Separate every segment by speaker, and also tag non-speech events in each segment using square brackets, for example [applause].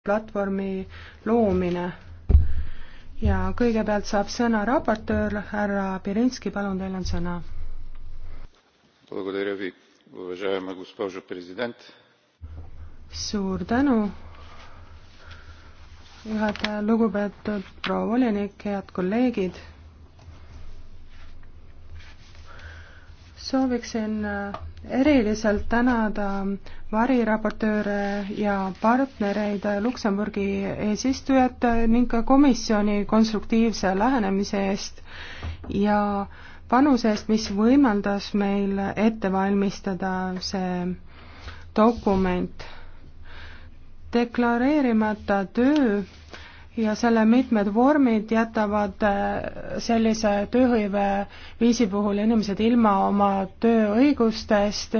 Speaker 1: platvormi loomine. ja kõigepealt saab sõna raportöör härra Pirinski, palun, teil on sõna. suur tänu, juhataja, lugupeetud proua volinik, head kolleegid sooviksin äh, eriliselt tänada variraportööre ja partnereid äh, Luksemburgi eesistujat äh, ning ka komisjoni konstruktiivse lähenemise eest ja panuse eest, mis võimaldas meil ette valmistada see dokument. deklareerimata töö ja selle mitmed vormid jätavad äh, sellise tööhõive viisi puhul inimesed ilma oma tööõigustest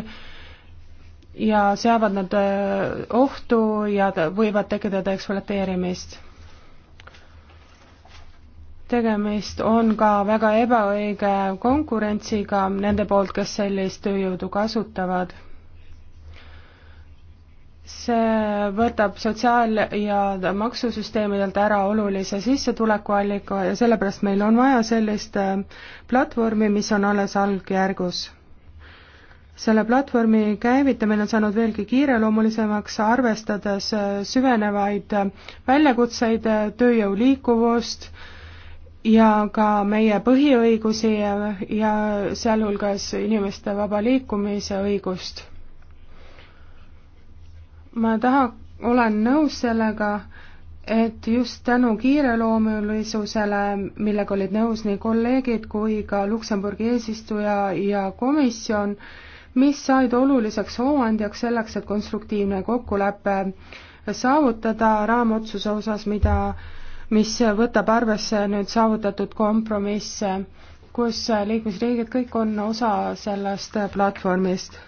Speaker 1: ja seavad nad äh, ohtu ja võivad tekitada ekspluateerimist. tegemist on ka väga ebaõige konkurentsiga nende poolt, kes sellist tööjõudu kasutavad see võtab sotsiaal- ja maksusüsteemidelt ära olulise sissetulekuallika ja sellepärast meil on vaja sellist äh, platvormi, mis on alles algjärgus. selle platvormi käivitamine on saanud veelgi kiireloomulisemaks, arvestades äh, süvenevaid äh, väljakutseid, tööjõu liikuvust, ja ka meie põhiõigusi ja, ja sealhulgas inimeste vaba liikumise õigust ma taha, olen nõus sellega, et just tänu kiireloomulisusele, millega olid nõus nii kolleegid kui ka Luksemburgi eesistuja ja komisjon, mis said oluliseks hooandjaks selleks, et konstruktiivne kokkulepe saavutada raamotsuse osas, mida, mis võtab arvesse nüüd saavutatud kompromisse, kus liikmesriigid kõik on osa sellest platvormist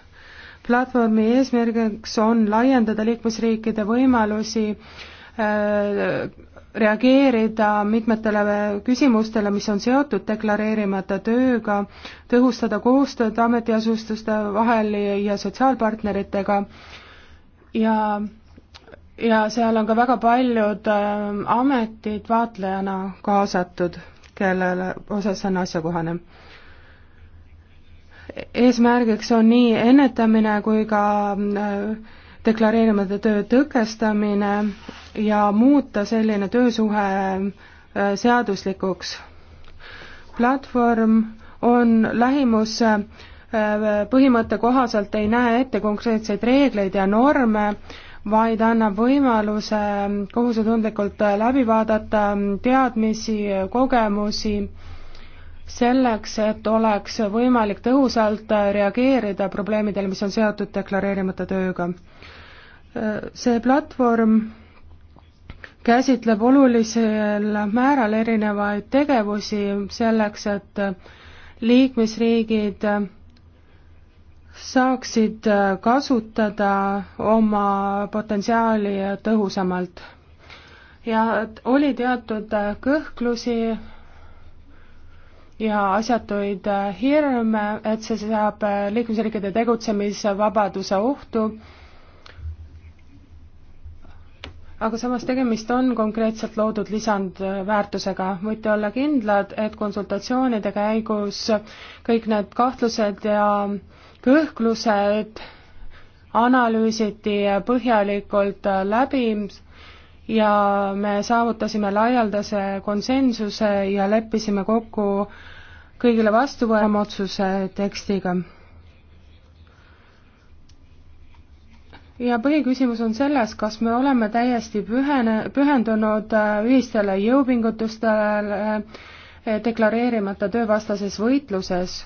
Speaker 1: platvormi eesmärgiks on laiendada liikmesriikide võimalusi äh, reageerida mitmetele küsimustele, mis on seotud deklareerimata tööga, tõhustada koostööd ametiasutuste vahel ja sotsiaalpartneritega ja, ja seal on ka väga paljud äh, ametid vaatlejana kaasatud, kellele osas on asjakohane eesmärgiks on nii ennetamine kui ka äh, deklareerimata töö tõkestamine ja muuta selline töösuhe äh, seaduslikuks. platvorm on lähimuse äh, põhimõtte kohaselt ei näe ette konkreetseid reegleid ja norme, vaid annab võimaluse kohusetundlikult läbi vaadata teadmisi, kogemusi selleks, et oleks võimalik tõhusalt reageerida probleemidele, mis on seotud deklareerimata tööga. see platvorm käsitleb olulisel määral erinevaid tegevusi selleks, et liikmesriigid saaksid kasutada oma potentsiaali tõhusamalt. ja oli teatud kõhklusi ja asjatuid äh, hirme, et see seab äh, liikmesriikide tegutsemisvabaduse ohtu aga samas tegemist on konkreetselt loodud lisandväärtusega. võite olla kindlad, et konsultatsioonide käigus kõik need kahtlused ja kõhklused analüüsiti põhjalikult äh, läbi ja me saavutasime laialdase konsensuse ja leppisime kokku kõigile vastu võema otsuse tekstiga. ja põhiküsimus on selles, kas me oleme täiesti pühene, pühendunud äh, ühistele jõupingutustele äh, deklareerimata töövastases võitluses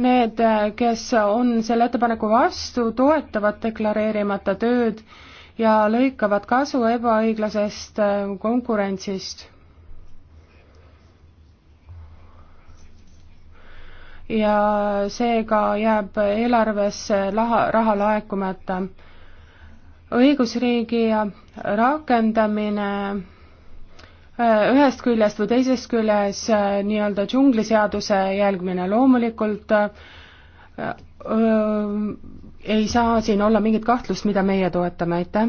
Speaker 1: need, äh, kes on selle ettepaneku vastu, toetavad deklareerimata tööd ja lõikavad kasu ebaõiglasest konkurentsist. ja seega jääb eelarvesse laha, raha laekumata. õigusriigi rakendamine äh, ühest küljest või teisest küljes äh, nii-öelda džungliseaduse jälgmine loomulikult öö, äh, ei saa siin olla mingit kahtlust, mida meie toetame, aitäh.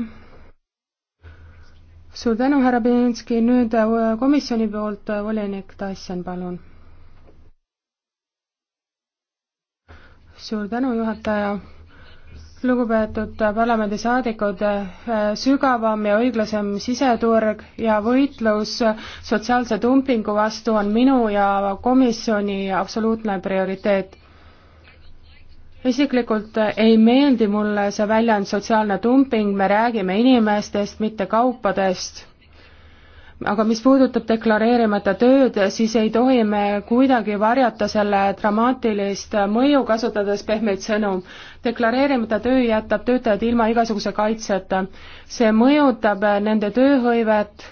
Speaker 1: suur tänu, härra Belinski, nüüd komisjoni poolt volinik Tassen, palun suur tänu, juhataja. lugupeetud parlamendisaadikud, sügavam ja õiglasem siseturg ja võitlus sotsiaalse dumpingu vastu on minu ja komisjoni absoluutne prioriteet isiklikult ei meeldi mulle see väljend sotsiaalne dumping, me räägime inimestest, mitte kaupadest aga mis puudutab deklareerimata tööd, siis ei tohi me kuidagi varjata selle dramaatilist mõju, kasutades pehmeid sõnu. deklareerimata töö jätab töötajad ilma igasuguse kaitseta. see mõjutab nende tööhõivet,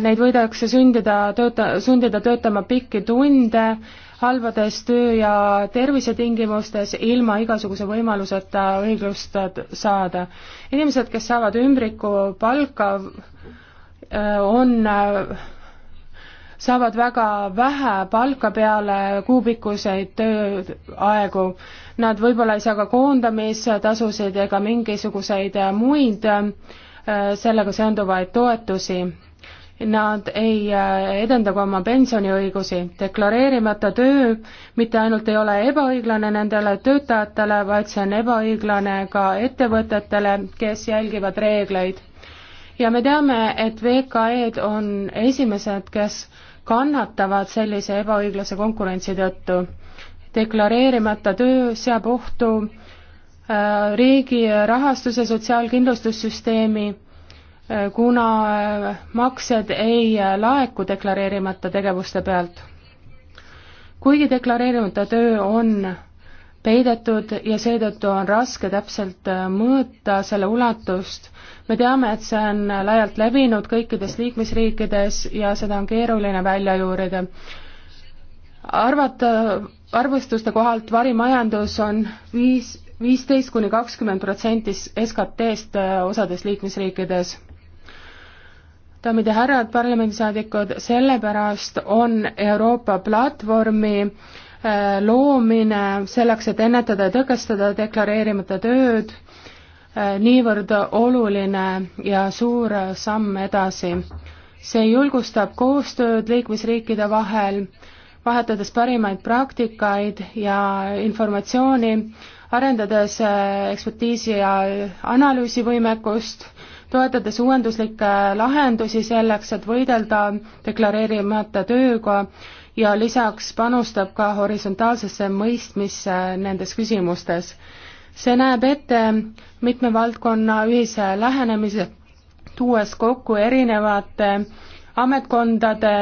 Speaker 1: neid võidakse sündida, tööta-, sundida töötama pikki tunde, halbades töö- ja tervisetingimustes ilma igasuguse võimaluseta õiglust saada. inimesed, kes saavad ümbrikupalka, Äh, on, äh, saavad väga vähe palka peale kuupikkuseid tööaegu. Nad võib-olla ei saa ka koondamistasusid ega mingisuguseid muid äh, sellega seonduvaid toetusi. Nad ei edenda ka oma pensioniõigusi. deklareerimata töö mitte ainult ei ole ebaõiglane nendele töötajatele, vaid see on ebaõiglane ka ettevõtetele, kes jälgivad reegleid ja me teame, et VKE-d on esimesed, kes kannatavad sellise ebaõiglase konkurentsi tõttu. deklareerimata töö seab ohtu äh, riigi rahastuse sotsiaalkindlustussüsteemi, äh, kuna äh, maksed ei laeku deklareerimata tegevuste pealt. kuigi deklareerimata töö on peidetud ja seetõttu on raske täpselt äh, mõõta selle ulatust. me teame, et see on laialt levinud kõikides liikmesriikides ja seda on keeruline välja juurida. arvata, arvestuste kohalt varimajandus on viis, viisteist kuni kakskümmend protsenti SKT-st äh, osades liikmesriikides daamid ja härrad, parlamendisaadikud, sellepärast on Euroopa platvormi Äh, loomine selleks, et ennetada ja tõkestada deklareerimata tööd, äh, niivõrd oluline ja suur samm edasi. see julgustab koostööd liikmesriikide vahel, vahetades parimaid praktikaid ja informatsiooni, arendades äh, ekspertiisi ja analüüsivõimekust, toetades uuenduslikke lahendusi selleks, et võidelda deklareerimata tööga ja lisaks panustab ka horisontaalsesse mõistmisse nendes küsimustes. see näeb ette mitme valdkonna ühise lähenemise, tuues kokku erinevate ametkondade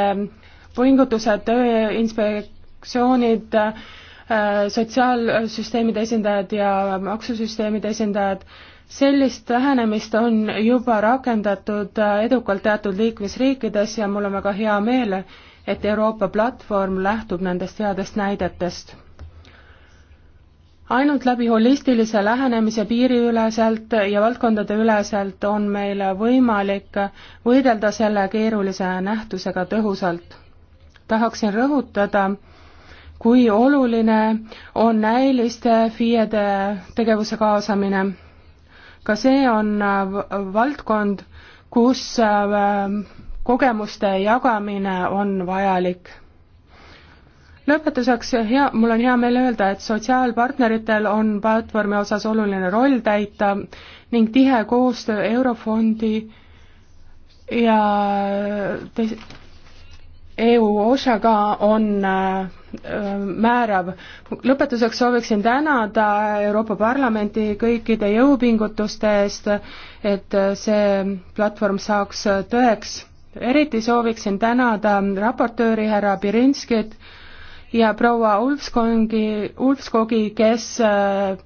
Speaker 1: pingutused, tööinspektsioonid, sotsiaalsüsteemide esindajad ja maksusüsteemide esindajad, sellist lähenemist on juba rakendatud edukalt teatud liikmesriikides ja mul on väga hea meel, et Euroopa platvorm lähtub nendest headest näidetest. ainult läbi holistilise lähenemise piiriüleselt ja valdkondadeüleselt on meil võimalik võidelda selle keerulise nähtusega tõhusalt. tahaksin rõhutada, kui oluline on näiliste FIE-de tegevuse kaasamine. ka see on valdkond, kus äh, kogemuste jagamine on vajalik. lõpetuseks hea, mul on hea meel öelda, et sotsiaalpartneritel on platvormi osas oluline roll täita ning tihe koostöö Eurofondi ja te-, EU osaga on äh, määrav. lõpetuseks sooviksin tänada Euroopa Parlamenti kõikide jõupingutuste eest, et see platvorm saaks tõeks eriti sooviksin tänada raportööri härra Pirinskit ja proua Ulfskongi, Ulfskogi, kes äh,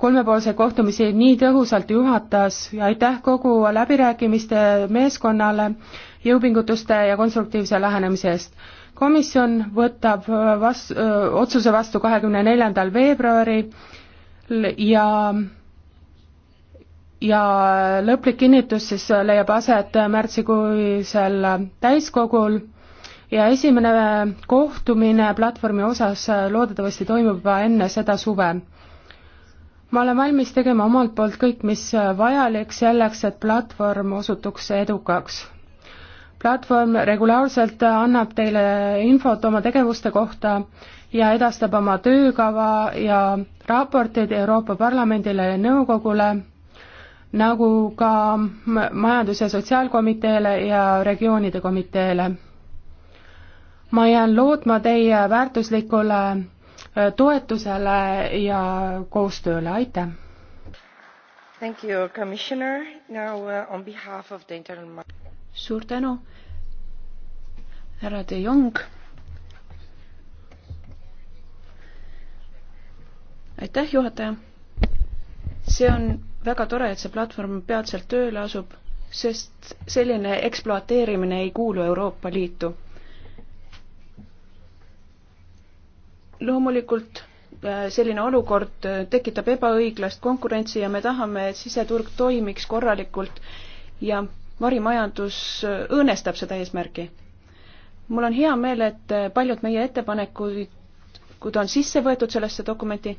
Speaker 1: kolmepoolse kohtumisi nii tõhusalt juhatas ja aitäh kogu läbirääkimiste meeskonnale jõupingutuste ja konstruktiivse lähenemise eest komisjon võtab vas-, otsuse vastu kahekümne neljandal veebruaril ja ja lõplik kinnitus siis leiab aset märtsikuisel täiskogul ja esimene kohtumine platvormi osas loodetavasti toimub juba enne seda suve. ma olen valmis tegema omalt poolt kõik, mis vajalik selleks, et platvorm osutuks edukaks. platvorm regulaarselt annab teile infot oma tegevuste kohta ja edastab oma töökava ja raporteid Euroopa Parlamendile ja Nõukogule nagu ka Majandus- ja Sotsiaalkomiteele ja regioonide komiteele. ma jään lootma teie väärtuslikule toetusele ja koostööle, aitäh! Thank you, Commissioner. Now uh, on behalf of the internal market. suur tänu,
Speaker 2: härra De Jong. aitäh, juhataja. see on väga tore, et see platvorm peatselt tööle asub, sest selline ekspluateerimine ei kuulu Euroopa Liitu. loomulikult äh, selline olukord äh, tekitab ebaõiglast konkurentsi ja me tahame, et siseturg toimiks korralikult ja varimajandus äh, õõnestab seda eesmärki. mul on hea meel, et paljud meie ettepanekud on sisse võetud sellesse dokumenti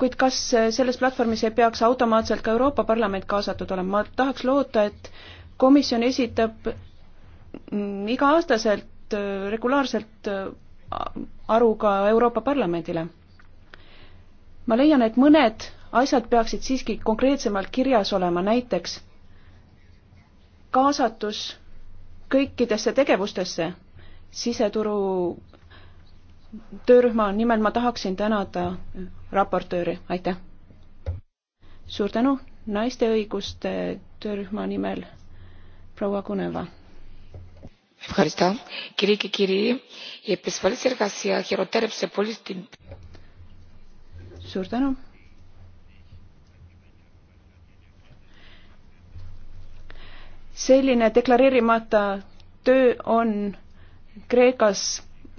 Speaker 2: kuid kas äh, selles platvormis ei peaks automaatselt ka Euroopa Parlament kaasatud olema, ma tahaks loota, et komisjon esitab mm, iga-aastaselt äh, regulaarselt äh, aru ka Euroopa Parlamendile. ma leian, et mõned asjad peaksid siiski konkreetsemalt kirjas olema, näiteks kaasatus kõikidesse tegevustesse siseturu töörühma nimel ma tahaksin tänada raportööri, aitäh! suur tänu, naiste õiguste töörühma nimel proua Kuneva. suur tänu! selline deklareerimata töö on Kreekas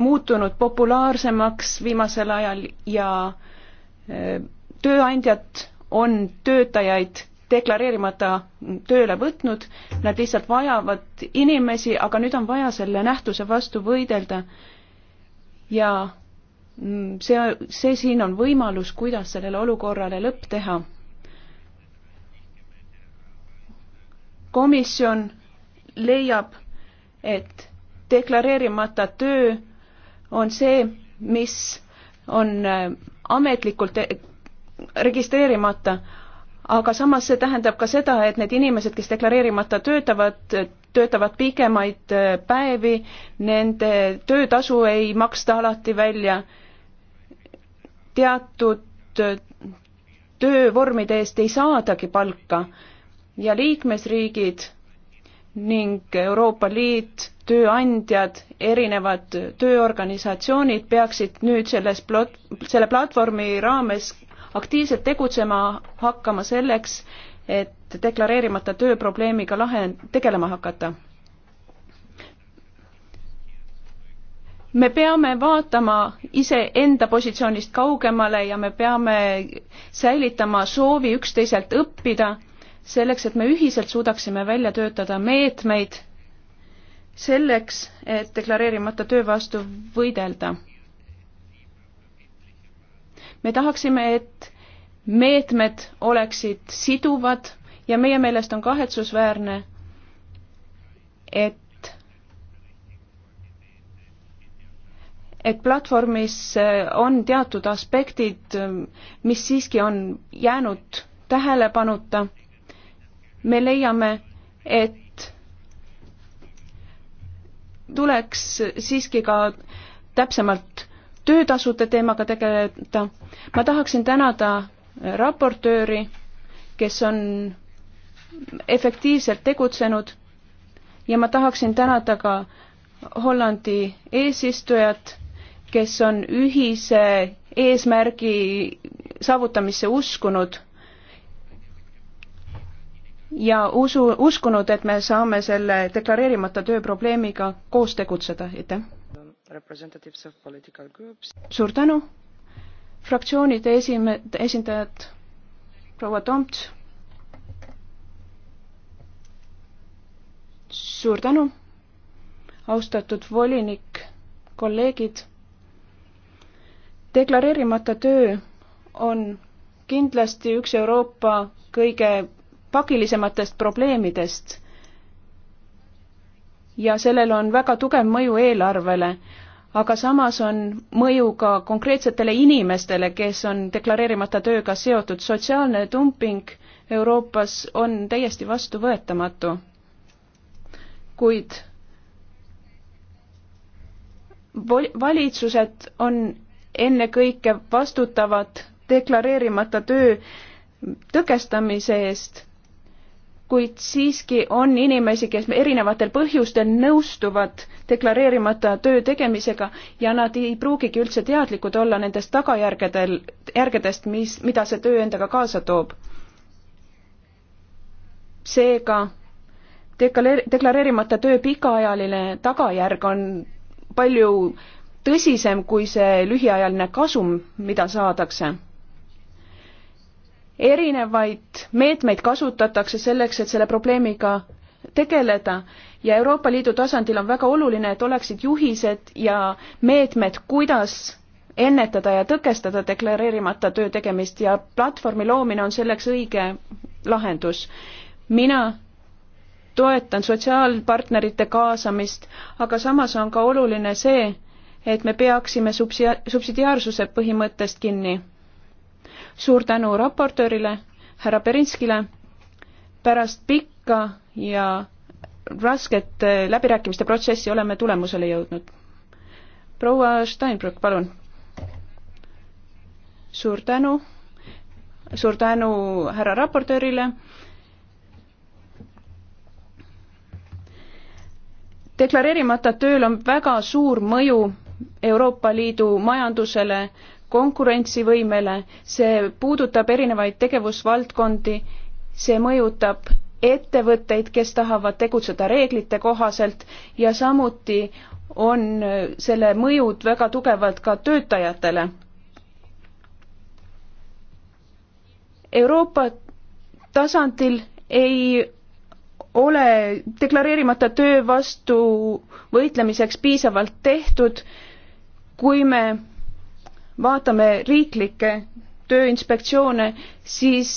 Speaker 2: muutunud populaarsemaks viimasel ajal ja e, tööandjad on töötajaid deklareerimata tööle võtnud, nad lihtsalt vajavad inimesi, aga nüüd on vaja selle nähtuse vastu võidelda. ja mm, see, see siin on võimalus, kuidas sellele olukorrale lõpp teha. komisjon leiab, et deklareerimata töö on see, mis on äh, ametlikult äh, registreerimata, aga samas see tähendab ka seda, et need inimesed, kes deklareerimata töötavad, äh, töötavad pikemaid päevi, nende töötasu ei maksta alati välja, teatud töövormide eest ei saadagi palka ja liikmesriigid ning Euroopa Liit, tööandjad, erinevad tööorganisatsioonid peaksid nüüd selles plot-, selle platvormi raames aktiivselt tegutsema hakkama selleks, et deklareerimata töö probleemiga lahe-, tegelema hakata. me peame vaatama iseenda positsioonist kaugemale ja me peame säilitama soovi üksteiselt õppida selleks, et me ühiselt suudaksime välja töötada meetmeid selleks, et deklareerimata töö vastu võidelda. me tahaksime, et meetmed oleksid siduvad ja meie meelest on kahetsusväärne, et et platvormis on teatud aspektid, mis siiski on jäänud tähelepanuta me leiame, et tuleks siiski ka täpsemalt töötasude teemaga tegeleda. ma tahaksin tänada raportööri, kes on efektiivselt tegutsenud ja ma tahaksin tänada ka Hollandi eesistujat, kes on ühise eesmärgi saavutamisse uskunud ja usu, uskunud, et me saame selle deklareerimata töö probleemiga koos tegutseda, aitäh. suur tänu. fraktsioonide esime-, esindajad, proua Tomts. suur tänu, austatud volinik, kolleegid. deklareerimata töö on kindlasti üks Euroopa kõige pakilisematest probleemidest. ja sellel on väga tugev mõju eelarvele, aga samas on mõju ka konkreetsetele inimestele, kes on deklareerimata tööga seotud. sotsiaalne dumping Euroopas on täiesti vastuvõetamatu. kuid valitsused on ennekõike vastutavad deklareerimata töö tõkestamise eest kuid siiski on inimesi, kes erinevatel põhjustel nõustuvad deklareerimata töö tegemisega ja nad ei pruugigi üldse teadlikud olla nendest tagajärgedel, järgedest, mis, mida see töö endaga kaasa toob. seega deklareer-, deklareerimata töö pikaajaline tagajärg on palju tõsisem kui see lühiajaline kasum, mida saadakse erinevaid meetmeid kasutatakse selleks, et selle probleemiga tegeleda ja Euroopa Liidu tasandil on väga oluline, et oleksid juhised ja meetmed, kuidas ennetada ja tõkestada deklareerimata töö tegemist ja platvormi loomine on selleks õige lahendus. mina toetan sotsiaalpartnerite kaasamist, aga samas on ka oluline see, et me peaksime subsi-, subsidiaarsuse põhimõttest kinni suur tänu raportöörile, härra Berinskile. pärast pikka ja rasket eh, läbirääkimiste protsessi oleme tulemusele jõudnud. proua Steinbrück, palun. suur tänu, suur tänu härra raportöörile. deklareerimata tööl on väga suur mõju Euroopa Liidu majandusele, konkurentsivõimele, see puudutab erinevaid tegevusvaldkondi, see mõjutab ettevõtteid, kes tahavad tegutseda reeglite kohaselt ja samuti on selle mõjud väga tugevalt ka töötajatele. Euroopa tasandil ei ole deklareerimata töö vastu võitlemiseks piisavalt tehtud, kui me vaatame riiklikke tööinspektsioone, siis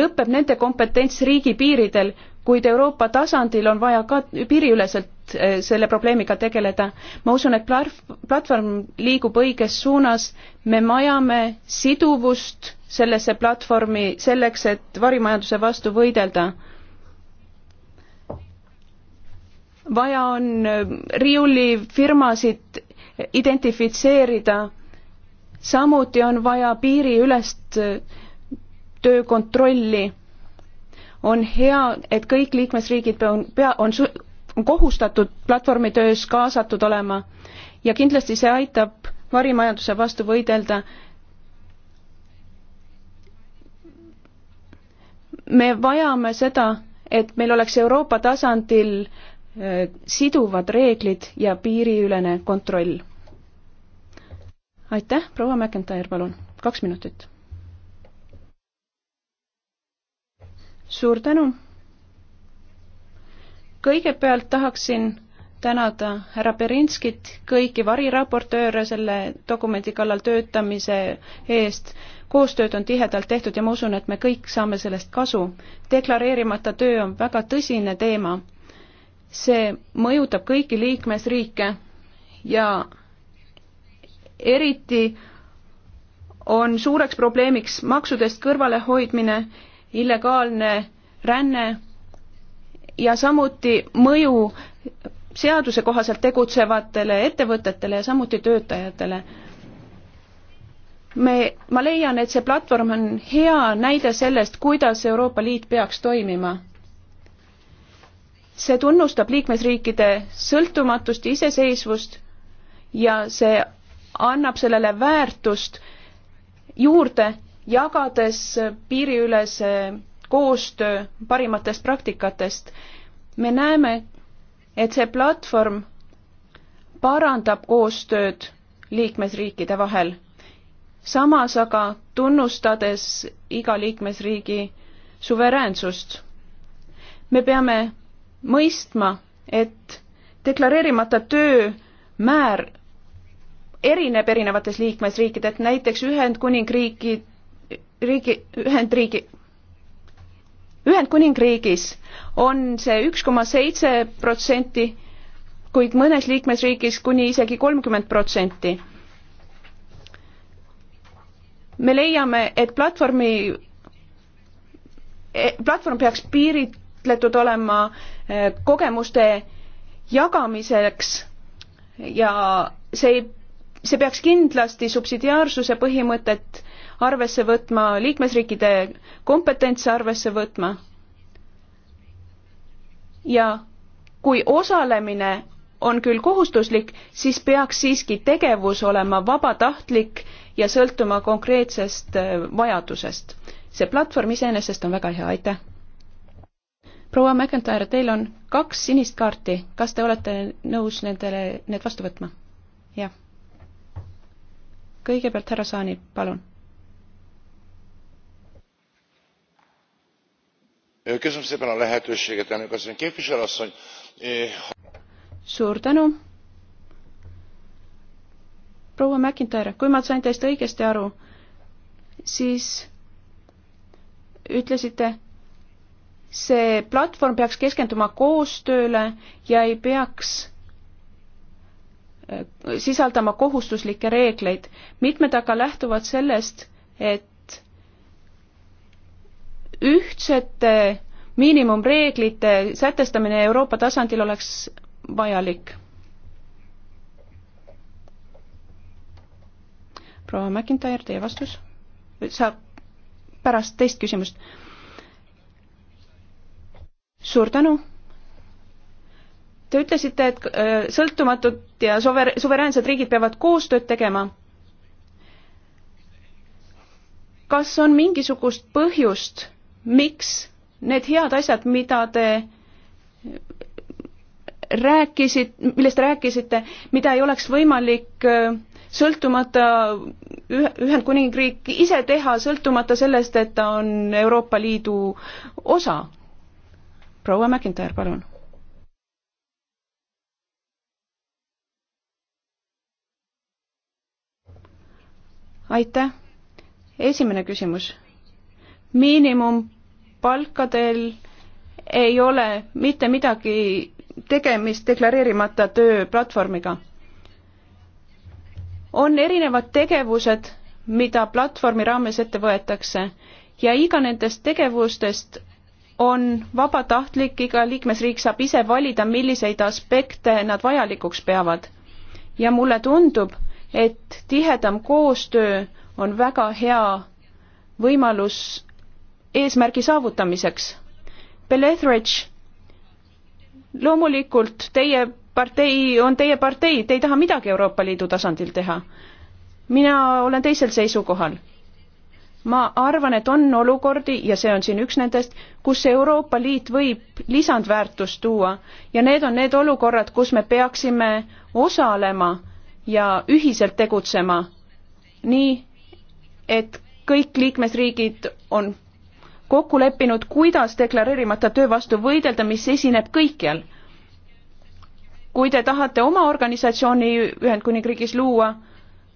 Speaker 2: lõpeb nende kompetents riigipiiridel, kuid Euroopa tasandil on vaja ka piiriüleselt eh, selle probleemiga tegeleda. ma usun, et platvorm liigub õiges suunas, me vajame siduvust sellesse platvormi selleks, et varimajanduse vastu võidelda. vaja on eh, riiulifirmasid identifitseerida samuti on vaja piiriülest äh, töökontrolli. on hea, et kõik liikmesriigid on, pea, on, on kohustatud platvormitöös kaasatud olema ja kindlasti see aitab varimajanduse vastu võidelda. me vajame seda, et meil oleks Euroopa tasandil äh, siduvad reeglid ja piiriülene kontroll aitäh, proua McIntyre, palun, kaks minutit. suur tänu. kõigepealt tahaksin tänada härra Berinskit, kõiki variraportööre selle dokumendi kallal töötamise eest. koostööd on tihedalt tehtud ja ma usun, et me kõik saame sellest kasu. deklareerimata töö on väga tõsine teema. see mõjutab kõiki liikmesriike ja eriti on suureks probleemiks maksudest kõrvalehoidmine, illegaalne ränne ja samuti mõju seaduse kohaselt tegutsevatele ettevõtetele ja samuti töötajatele. me, ma leian, et see platvorm on hea näide sellest, kuidas Euroopa Liit peaks toimima. see tunnustab liikmesriikide sõltumatust, iseseisvust ja see annab sellele väärtust juurde, jagades piiriülese koostöö parimatest praktikatest. me näeme, et see platvorm parandab koostööd liikmesriikide vahel, samas aga tunnustades iga liikmesriigi suveräänsust. me peame mõistma, et deklareerimata töö määr erineb erinevates liikmesriikid, et näiteks Ühendkuningriigi, riigi, Ühendriigi, Ühendkuningriigis on see üks koma seitse protsenti, kuid mõnes liikmesriigis kuni isegi kolmkümmend protsenti. me leiame, et platvormi, e, platvorm peaks piiritletud olema e, kogemuste jagamiseks ja see ei see peaks kindlasti subsidiaarsuse põhimõtet arvesse võtma, liikmesriikide kompetentse arvesse võtma. ja kui osalemine on küll kohustuslik, siis peaks siiski tegevus olema vabatahtlik ja sõltuma konkreetsest äh, vajadusest. see platvorm iseenesest on väga hea, aitäh! proua McIntyre, teil on kaks sinist kaarti, kas te olete nõus nendele, need vastu võtma? jah kõigepealt härra Saani, palun. Eh, suur tänu. proua McIntyre, kui ma sain teist õigesti aru, siis ütlesite, see platvorm peaks keskenduma koostööle ja ei peaks Äh, sisaldama kohustuslikke reegleid. mitmed aga lähtuvad sellest, et ühtsete miinimumreeglite sätestamine Euroopa tasandil oleks vajalik. proua McIntyre, teie vastus? saab pärast teist küsimust. suur tänu Te ütlesite, et äh, sõltumatud ja suver-, suveräänsed riigid peavad koostööd tegema. kas on mingisugust põhjust, miks need head asjad, mida te äh, rääkisid, millest rääkisite, mida ei oleks võimalik äh, sõltumata Ühendkuningriik ise teha, sõltumata sellest, et ta on Euroopa Liidu osa. proua McIntyre, palun aitäh. esimene küsimus. miinimumpalkadel ei ole mitte midagi tegemist deklareerimata tööplatvormiga. on erinevad tegevused, mida platvormi raames ette võetakse ja iga nendest tegevustest on vabatahtlik, iga liikmesriik saab ise valida, milliseid aspekte nad vajalikuks peavad. ja mulle tundub, et tihedam koostöö on väga hea võimalus eesmärgi saavutamiseks. Belethridge, loomulikult teie partei on teie partei, te ei taha midagi Euroopa Liidu tasandil teha. mina olen teisel seisukohal. ma arvan, et on olukordi ja see on siin üks nendest, kus Euroopa Liit võib lisandväärtust tuua ja need on need olukorrad, kus me peaksime osalema ja ühiselt tegutsema nii, et kõik liikmesriigid on kokku leppinud, kuidas deklareerimata töö vastu võidelda, mis esineb kõikjal. kui te tahate oma organisatsiooni Ühendkuningriigis luua,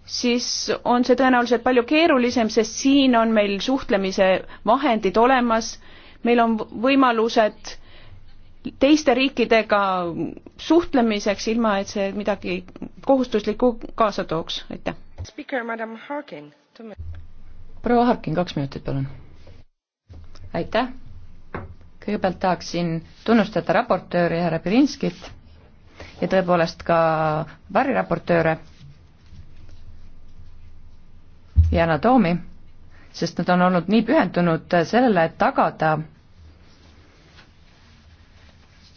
Speaker 2: siis on see tõenäoliselt palju keerulisem, sest siin on meil suhtlemise vahendid olemas, meil on võimalused teiste riikidega suhtlemiseks, ilma et see midagi kohustuslikku kaasa tooks, aitäh.
Speaker 3: proua Harkin, kaks minutit, palun. aitäh. kõigepealt tahaksin tunnustada raportööri härra Pirinskit ja tõepoolest ka variraportööre Jana Toomi, sest nad on olnud nii pühendunud sellele, et tagada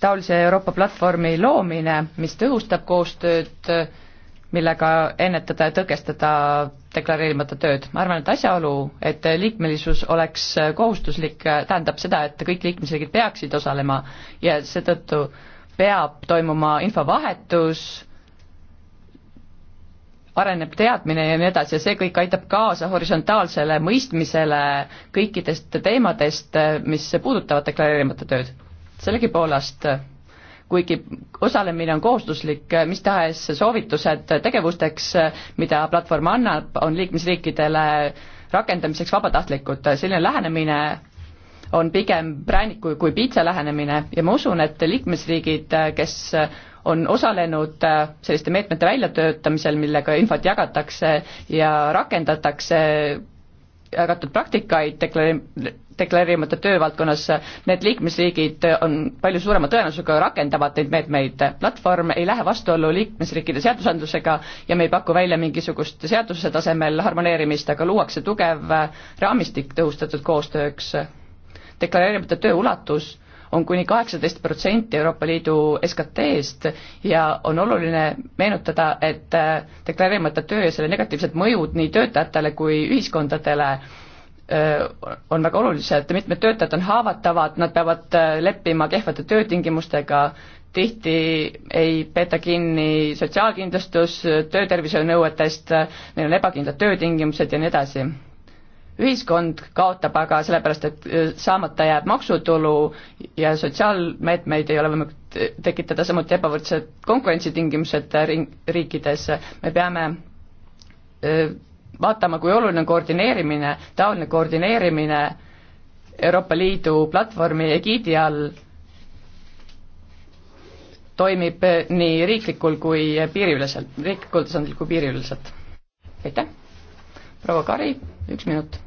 Speaker 3: taolise Euroopa platvormi loomine, mis tõhustab koostööd, millega ennetada ja tõkestada deklareerimata tööd. ma arvan, et asjaolu, et liikmelisus oleks kohustuslik, tähendab seda, et kõik liikmesriigid peaksid osalema ja seetõttu peab toimuma infovahetus, areneb teadmine ja nii edasi ja see kõik aitab kaasa horisontaalsele mõistmisele kõikidest teemadest, mis puudutavad deklareerimata tööd sellegipoolest, kuigi osalemine on kohustuslik, mis tahes soovitused tegevusteks, mida platvorm annab, on liikmesriikidele rakendamiseks vabatahtlikud, selline lähenemine on pigem prääniku kui piitsa lähenemine ja ma usun, et liikmesriigid, kes on osalenud selliste meetmete väljatöötamisel, millega infot jagatakse ja rakendatakse jagatud praktikaid, deklare-, deklareerimata töövaldkonnas, need liikmesriigid on palju suurema tõenäosusega rakendavad neid meetmeid. platvorm ei lähe vastuollu liikmesriikide seadusandlusega ja me ei paku välja mingisugust seaduse tasemel harmoneerimist, aga luuakse tugev raamistik tõhustatud koostööks. deklareerimata töö ulatus on kuni kaheksateist protsenti Euroopa Liidu SKT-st ja on oluline meenutada, et deklareerimata töö ja selle negatiivsed mõjud nii töötajatele kui ühiskondadele Äh, on väga olulised, mitmed töötajad on haavatavad, nad peavad äh, leppima kehvade töötingimustega, tihti ei peeta kinni sotsiaalkindlustus, töötervishoiu nõuetest, neil on ebakindlad töötingimused ja nii edasi. ühiskond kaotab aga sellepärast, et äh, saamata jääb maksutulu ja sotsiaalmeetmeid ei ole võimalik tekitada, samuti ebavõrdsed konkurentsitingimused ring-, riikides, me peame vaatama, kui oluline on koordineerimine, taoline koordineerimine Euroopa Liidu platvormi egiidi all toimib nii riiklikul kui piiriüleselt, riiklikul tasandil kui piiriüleselt. aitäh, proua Kari, üks minut.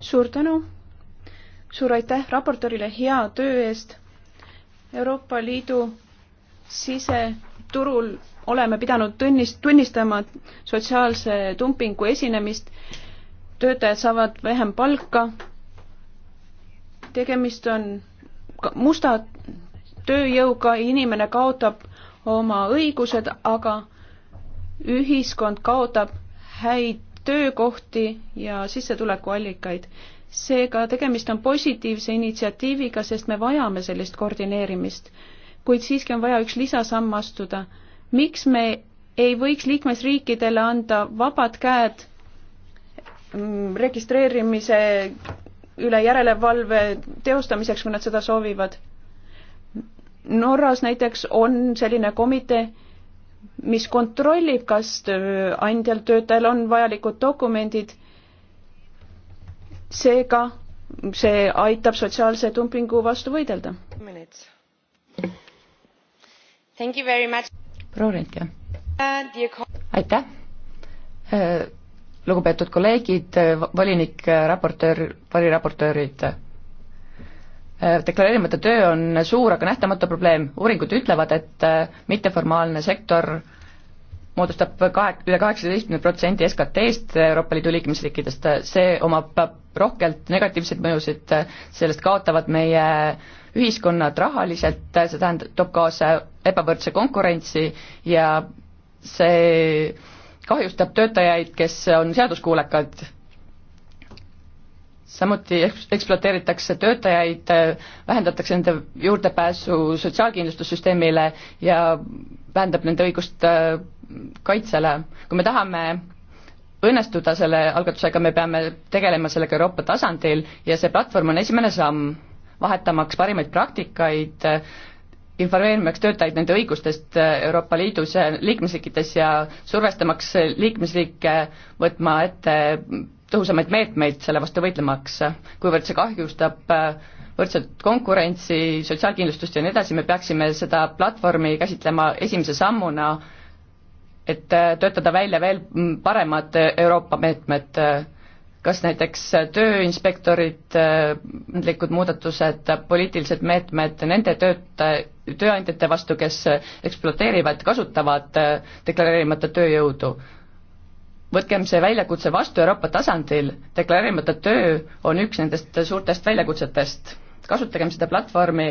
Speaker 2: suur tänu, suur aitäh raportöörile hea töö eest Euroopa Liidu siseturul oleme pidanud tunnist-, tunnistama sotsiaalse dumpingu esinemist, töötajad saavad vähem palka, tegemist on musta tööjõuga, inimene kaotab oma õigused, aga ühiskond kaotab häid töökohti ja sissetulekuallikaid seega tegemist on positiivse initsiatiiviga, sest me vajame sellist koordineerimist. kuid siiski on vaja üks lisasamm astuda. miks me ei võiks liikmesriikidele anda vabad käed mm, registreerimise üle järelevalve teostamiseks, kui nad seda soovivad? Norras näiteks on selline komitee, mis kontrollib, kas andjal, töötajal on vajalikud dokumendid seega see aitab sotsiaalse dumpingu vastu võidelda. proua Rentke. Uh,
Speaker 3: aitäh. Uh, lugupeetud kolleegid, uh, volinik, raportöör, variraportöörid. deklareerimata töö on suur, aga nähtamatu probleem. uuringud ütlevad, et mitteformaalne sektor moodustab kahe, üle kaheksateistkümne protsendi SKT-st Euroopa Liidu liikmesriikidest, see omab rohkelt negatiivseid mõjusid, sellest kaotavad meie ühiskonnad rahaliselt, see tähendab, toob kaasa ebavõrdse konkurentsi ja see kahjustab töötajaid, kes on seaduskuulekad. samuti eks-, ekspluateeritakse töötajaid, vähendatakse nende juurdepääsu sotsiaalkindlustussüsteemile ja vähendab nende õigust äh, kaitsele. kui me tahame õnnestuda selle algatusega, me peame tegelema sellega Euroopa tasandil ja see platvorm on esimene samm, vahetamaks parimaid praktikaid, informeerimaks töötajaid nende õigustest äh, Euroopa Liidus ja liikmesriikides ja survestamaks äh, liikmesriike võtma ette tõhusamaid meetmeid selle vastu võitlemaks, kuivõrd see kahjustab äh, võrdset konkurentsi, sotsiaalkindlustust ja nii edasi, me peaksime seda platvormi käsitlema esimese sammuna, et äh, töötada välja veel paremad äh, Euroopa meetmed, äh, kas näiteks tööinspektorid, nendelikud muudatused, poliitilised meetmed nende tööta-, tööandjate vastu, kes ekspluateerivad, kasutavad deklareerimata tööjõudu võtkem see väljakutse vastu Euroopa tasandil, deklareerimata töö on üks nendest suurtest väljakutsetest kasutagem seda platvormi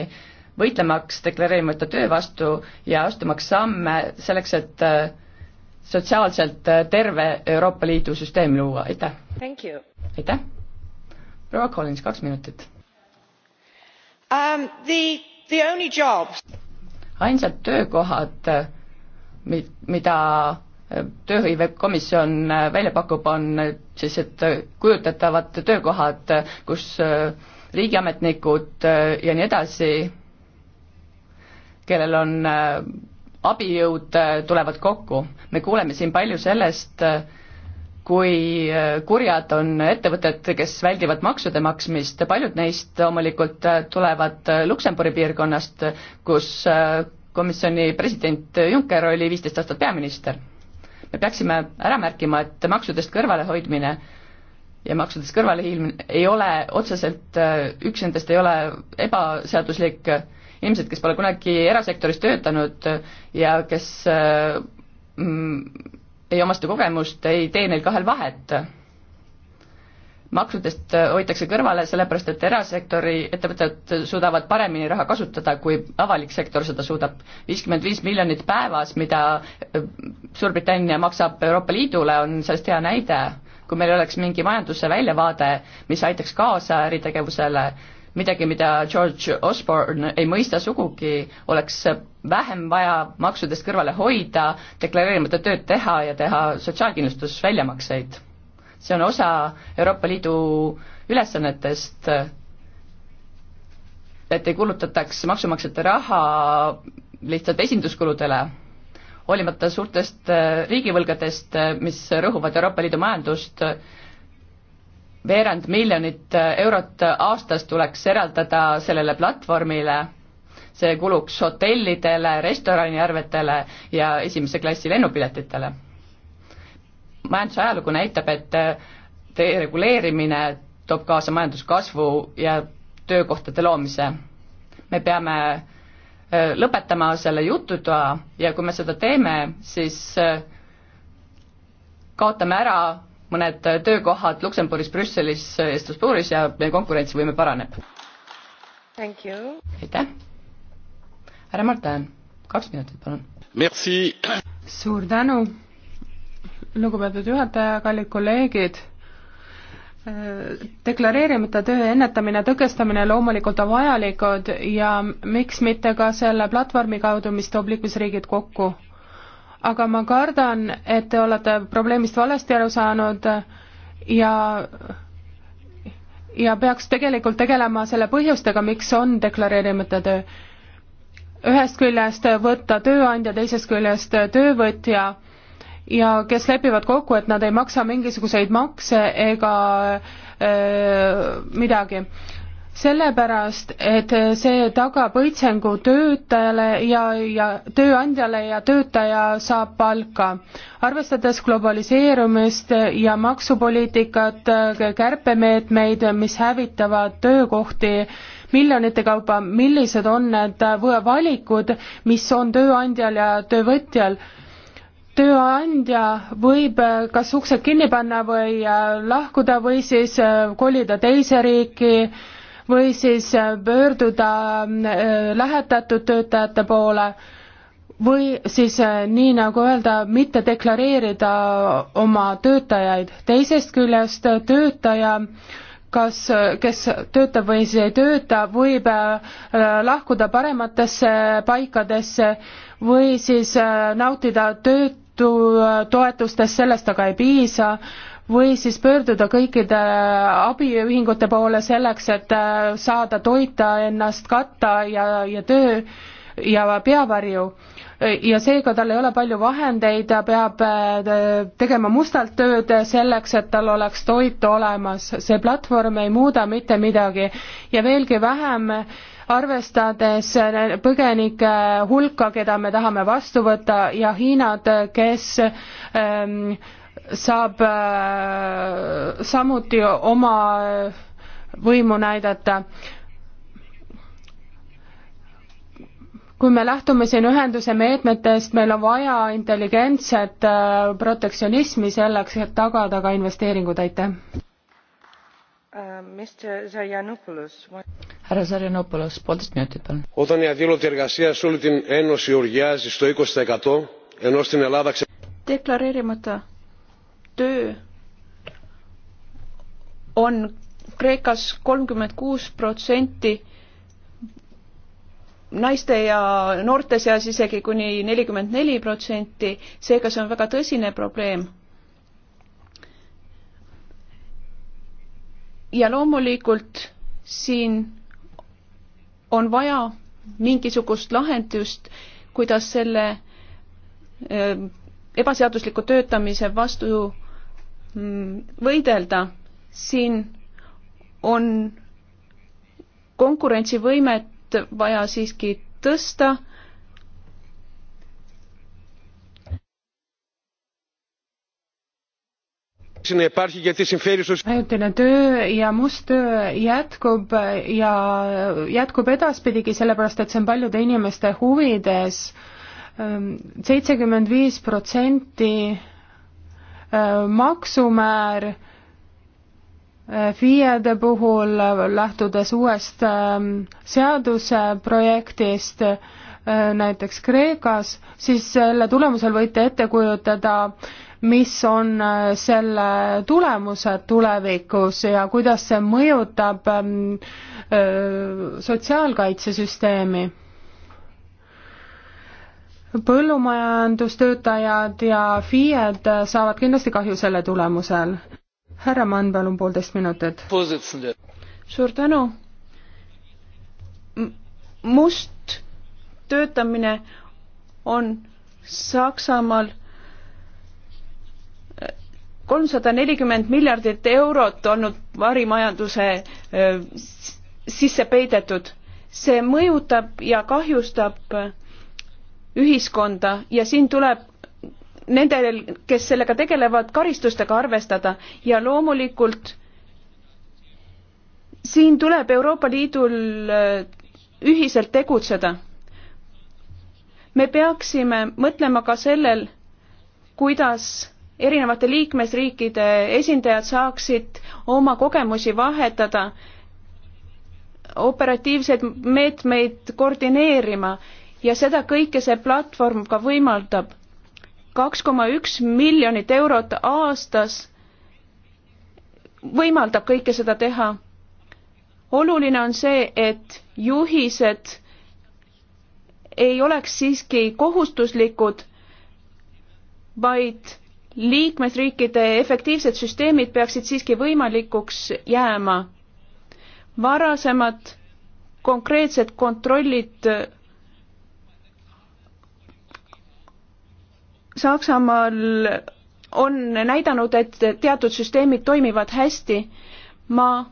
Speaker 3: võitlemaks deklareerimata töö vastu ja astumaks samme selleks, et äh, sotsiaalselt äh, terve Euroopa Liidu süsteem luua, aitäh! aitäh! proua Collins, kaks minutit um,. ainsad töökohad, äh, mida tööhõivekomisjon välja pakub, on sellised kujutatavad töökohad, kus riigiametnikud äh, ja nii edasi, kellel on äh, abijõud, äh, tulevad kokku. me kuuleme siin palju sellest, kui kurjad on ettevõtted, kes väldivad maksude maksmist, paljud neist loomulikult tulevad Luksemburi piirkonnast, kus komisjoni president Juncker oli viisteist aastat peaminister. me peaksime ära märkima, et maksudest kõrvalehoidmine ja maksudest kõrvalehiilmine ei ole otseselt, äh, üks nendest ei ole ebaseaduslik, inimesed, kes pole kunagi erasektoris töötanud äh, ja kes äh, mm, ei omasta kogemust, ei tee neil kahel vahet. maksudest hoitakse kõrvale sellepärast, et erasektori ettevõtted suudavad paremini raha kasutada, kui avalik sektor seda suudab. viiskümmend viis miljonit päevas, mida Suurbritannia maksab Euroopa Liidule, on sellest hea näide kui meil oleks mingi majanduse väljavaade, mis aitaks kaasa äritegevusele, midagi, mida George Osborne ei mõista sugugi, oleks vähem vaja maksudest kõrvale hoida, deklareerimata tööd teha ja teha sotsiaalkindlustusväljamakseid. see on osa Euroopa Liidu ülesannetest, et ei kulutataks maksumaksjate raha lihtsalt esinduskuludele hoolimata suurtest äh, riigivõlgadest, äh, mis rõhuvad Euroopa Liidu majandust, veerand miljonit äh, eurot aastas tuleks eraldada sellele platvormile, see kuluks hotellidele, restoraniarvetele ja esimese klassi lennupiletitele. majanduse ajalugu näitab, et dereguleerimine toob kaasa majanduskasvu ja töökohtade loomise. me peame Äh, lõpetama selle jututoa ja kui me seda teeme, siis äh, kaotame ära mõned töökohad Luksemburgis, Brüsselis, äh, Strasbourgis ja meie konkurentsivõime paraneb.
Speaker 2: aitäh!
Speaker 3: härra Martin, kaks minutit, palun.
Speaker 1: suur tänu, lugupeetud juhataja, kallid kolleegid deklareerimata töö ennetamine, tõkestamine loomulikult on vajalikud ja miks mitte ka selle platvormi kaudu, mis toob liikmesriigid kokku. aga ma kardan, et te olete probleemist valesti aru saanud ja ja peaks tegelikult tegelema selle põhjustega, miks on deklareerimata töö. ühest küljest võtta tööandja, teisest küljest töövõtja ja kes lepivad kokku, et nad ei maksa mingisuguseid makse ega öö, äh, midagi. sellepärast, et see tagab õitsengu töötajale ja, ja tööandjale ja töötaja saab palka. arvestades globaliseerumist ja maksupoliitikat, kärpemeetmeid, mis hävitavad töökohti, miljonite kaupa, millised on need valikud, mis on tööandjal ja töövõtjal tööandja võib kas uksed kinni panna või äh, lahkuda või siis äh, kolida teise riiki või siis äh, pöörduda lähetatud töötajate poole või siis nii nagu öelda, mitte deklareerida oma töötajaid. teisest küljest töötaja kas, kes töötab või siis ei tööta, võib lahkuda parematesse paikadesse või siis nautida tööd, Äh, toetustest, sellest aga ei piisa, või siis pöörduda kõikide abiühingute poole selleks, et äh, saada toita, ennast katta ja, ja töö ja peavarju. ja seega tal ei ole palju vahendeid ja peab äh, tegema mustalt tööd selleks, et tal oleks toit olemas. see platvorm ei muuda mitte midagi ja veelgi vähem arvestades põgenike hulka, keda me tahame vastu võtta ja Hiinad, kes ähm, saab äh, samuti oma võimu näidata kui me lähtume siin ühenduse meetmetest, meil on vaja intelligentset äh, protektsionismi selleks, et tagada ka investeeringud, aitäh uh,
Speaker 2: härra Sarjanopoulos,
Speaker 3: poolteist minutit, palun.
Speaker 2: Όταν η αδήλωτη εργασία σε όλη την Ένωση οργιάζει στο 20%, ενώ στην Ελλάδα ξε... Deklareerimata töö on Kreekas kolmkümmend kuus protsenti naiste ja noorte seas isegi kuni nelikümmend neli protsenti, seega see on väga tõsine probleem. ja loomulikult siin on vaja mingisugust lahendust, kuidas selle ebaseadusliku töötamise vastu mm, võidelda. siin on konkurentsivõimet vaja siiski tõsta
Speaker 1: ajutine töö ja must töö jätkub ja jätkub edaspidigi, sellepärast et see on paljude inimeste huvides. Ehm, seitsekümmend viis protsenti ehm, maksumäär ehm, FIE-de puhul, lähtudes uuest seaduseprojektist, näiteks Kreekas, siis selle tulemusel võite ette kujutada mis on äh, selle tulemused tulevikus ja kuidas see mõjutab ähm, äh, sotsiaalkaitsesüsteemi? põllumajandustöötajad ja FIE-d saavad kindlasti kahju selle tulemusel. härra Mann, palun poolteist minutit. suur tänu. must töötamine
Speaker 2: on Saksamaal kolmsada nelikümmend miljardit eurot olnud varimajanduse sisse peidetud. see mõjutab ja kahjustab ühiskonda ja siin tuleb nendel, kes sellega tegelevad, karistustega arvestada ja loomulikult siin tuleb Euroopa Liidul ühiselt tegutseda. me peaksime mõtlema ka sellel, kuidas erinevate liikmesriikide esindajad saaksid oma kogemusi vahetada, operatiivseid meetmeid koordineerima ja seda kõike see platvorm ka võimaldab. kaks koma üks miljonit eurot aastas võimaldab kõike seda teha. oluline on see, et juhised ei oleks siiski kohustuslikud, vaid liikmesriikide efektiivsed süsteemid peaksid siiski võimalikuks jääma. varasemad konkreetsed kontrollid Saksamaal on näidanud, et teatud süsteemid toimivad hästi. ma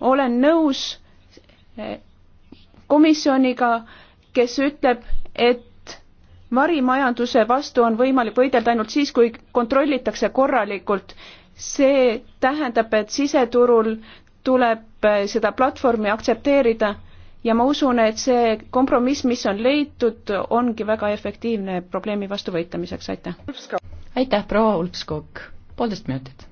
Speaker 2: olen nõus komisjoniga, kes ütleb, et marimajanduse vastu on võimalik võidelda ainult siis, kui kontrollitakse korralikult. see tähendab, et siseturul tuleb äh, seda platvormi aktsepteerida ja ma usun, et see kompromiss, mis on leitud, ongi väga efektiivne probleemi vastu võitlemiseks, aitäh.
Speaker 3: aitäh, proua Ulfskog, poolteist minutit.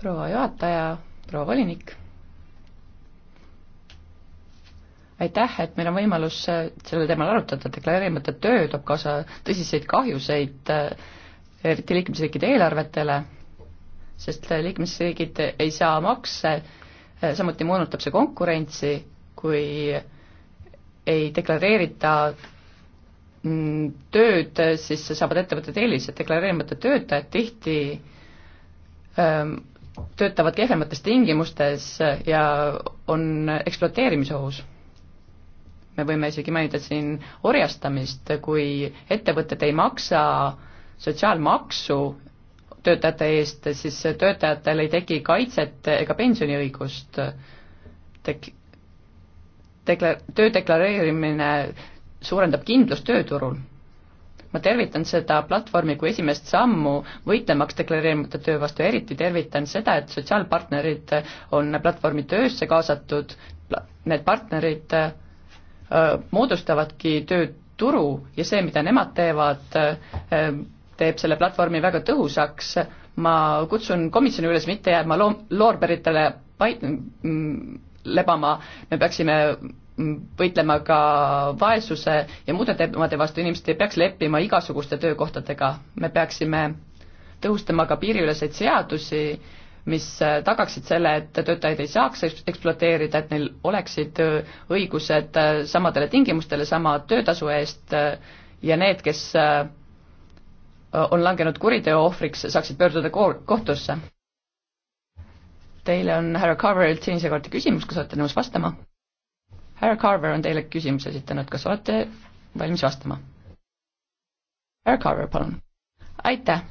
Speaker 3: proua juhataja, proua volinik aitäh, et meil on võimalus äh, sellel teemal arutada, deklareerimata töö toob kaasa tõsiseid kahjuseid äh, eriti liikmesriikide eelarvetele, sest äh, liikmesriigid ei saa makse, samuti moonutab see konkurentsi, kui ei deklareerita mm, tööd, siis saavad ettevõtted eelised, deklareerimata töötajad tihti ähm, töötavad kehvemates tingimustes ja on ekspluateerimise ohus me võime isegi mainida siin orjastamist, kui ettevõtted ei maksa sotsiaalmaksu töötajate eest, siis töötajatel ei teki kaitset ega pensioniõigust. Dek-, dekla-, töö deklareerimine suurendab kindlust tööturul. ma tervitan seda platvormi kui esimest sammu võitlemaks deklareerimata töö vastu, eriti tervitan seda, et sotsiaalpartnerid on platvormi töösse kaasatud, need partnerid moodustavadki tööturu ja see, mida nemad teevad, teeb selle platvormi väga tõhusaks, ma kutsun komisjoni üles mitte jääma loom-, loorberitele pait-, lebama, me peaksime võitlema ka vaesuse ja muude teemade vastu, inimesed ei peaks leppima igasuguste töökohtadega, me peaksime tõhustama ka piiriüleseid seadusi mis äh, tagaksid selle, et töötajaid ei saaks ekspluateerida, et neil oleksid äh, õigused äh, samadele tingimustele sama töötasu eest ja need, kes on langenud kuriteo ohvriks, saaksid pöörduda ko-, kohtusse. Teile on härra Carverilt sinise kaardi küsimus, kas olete nõus vastama? härra Carver on teile küsimuse esitanud, kas olete valmis vastama? härra Carver, palun. aitäh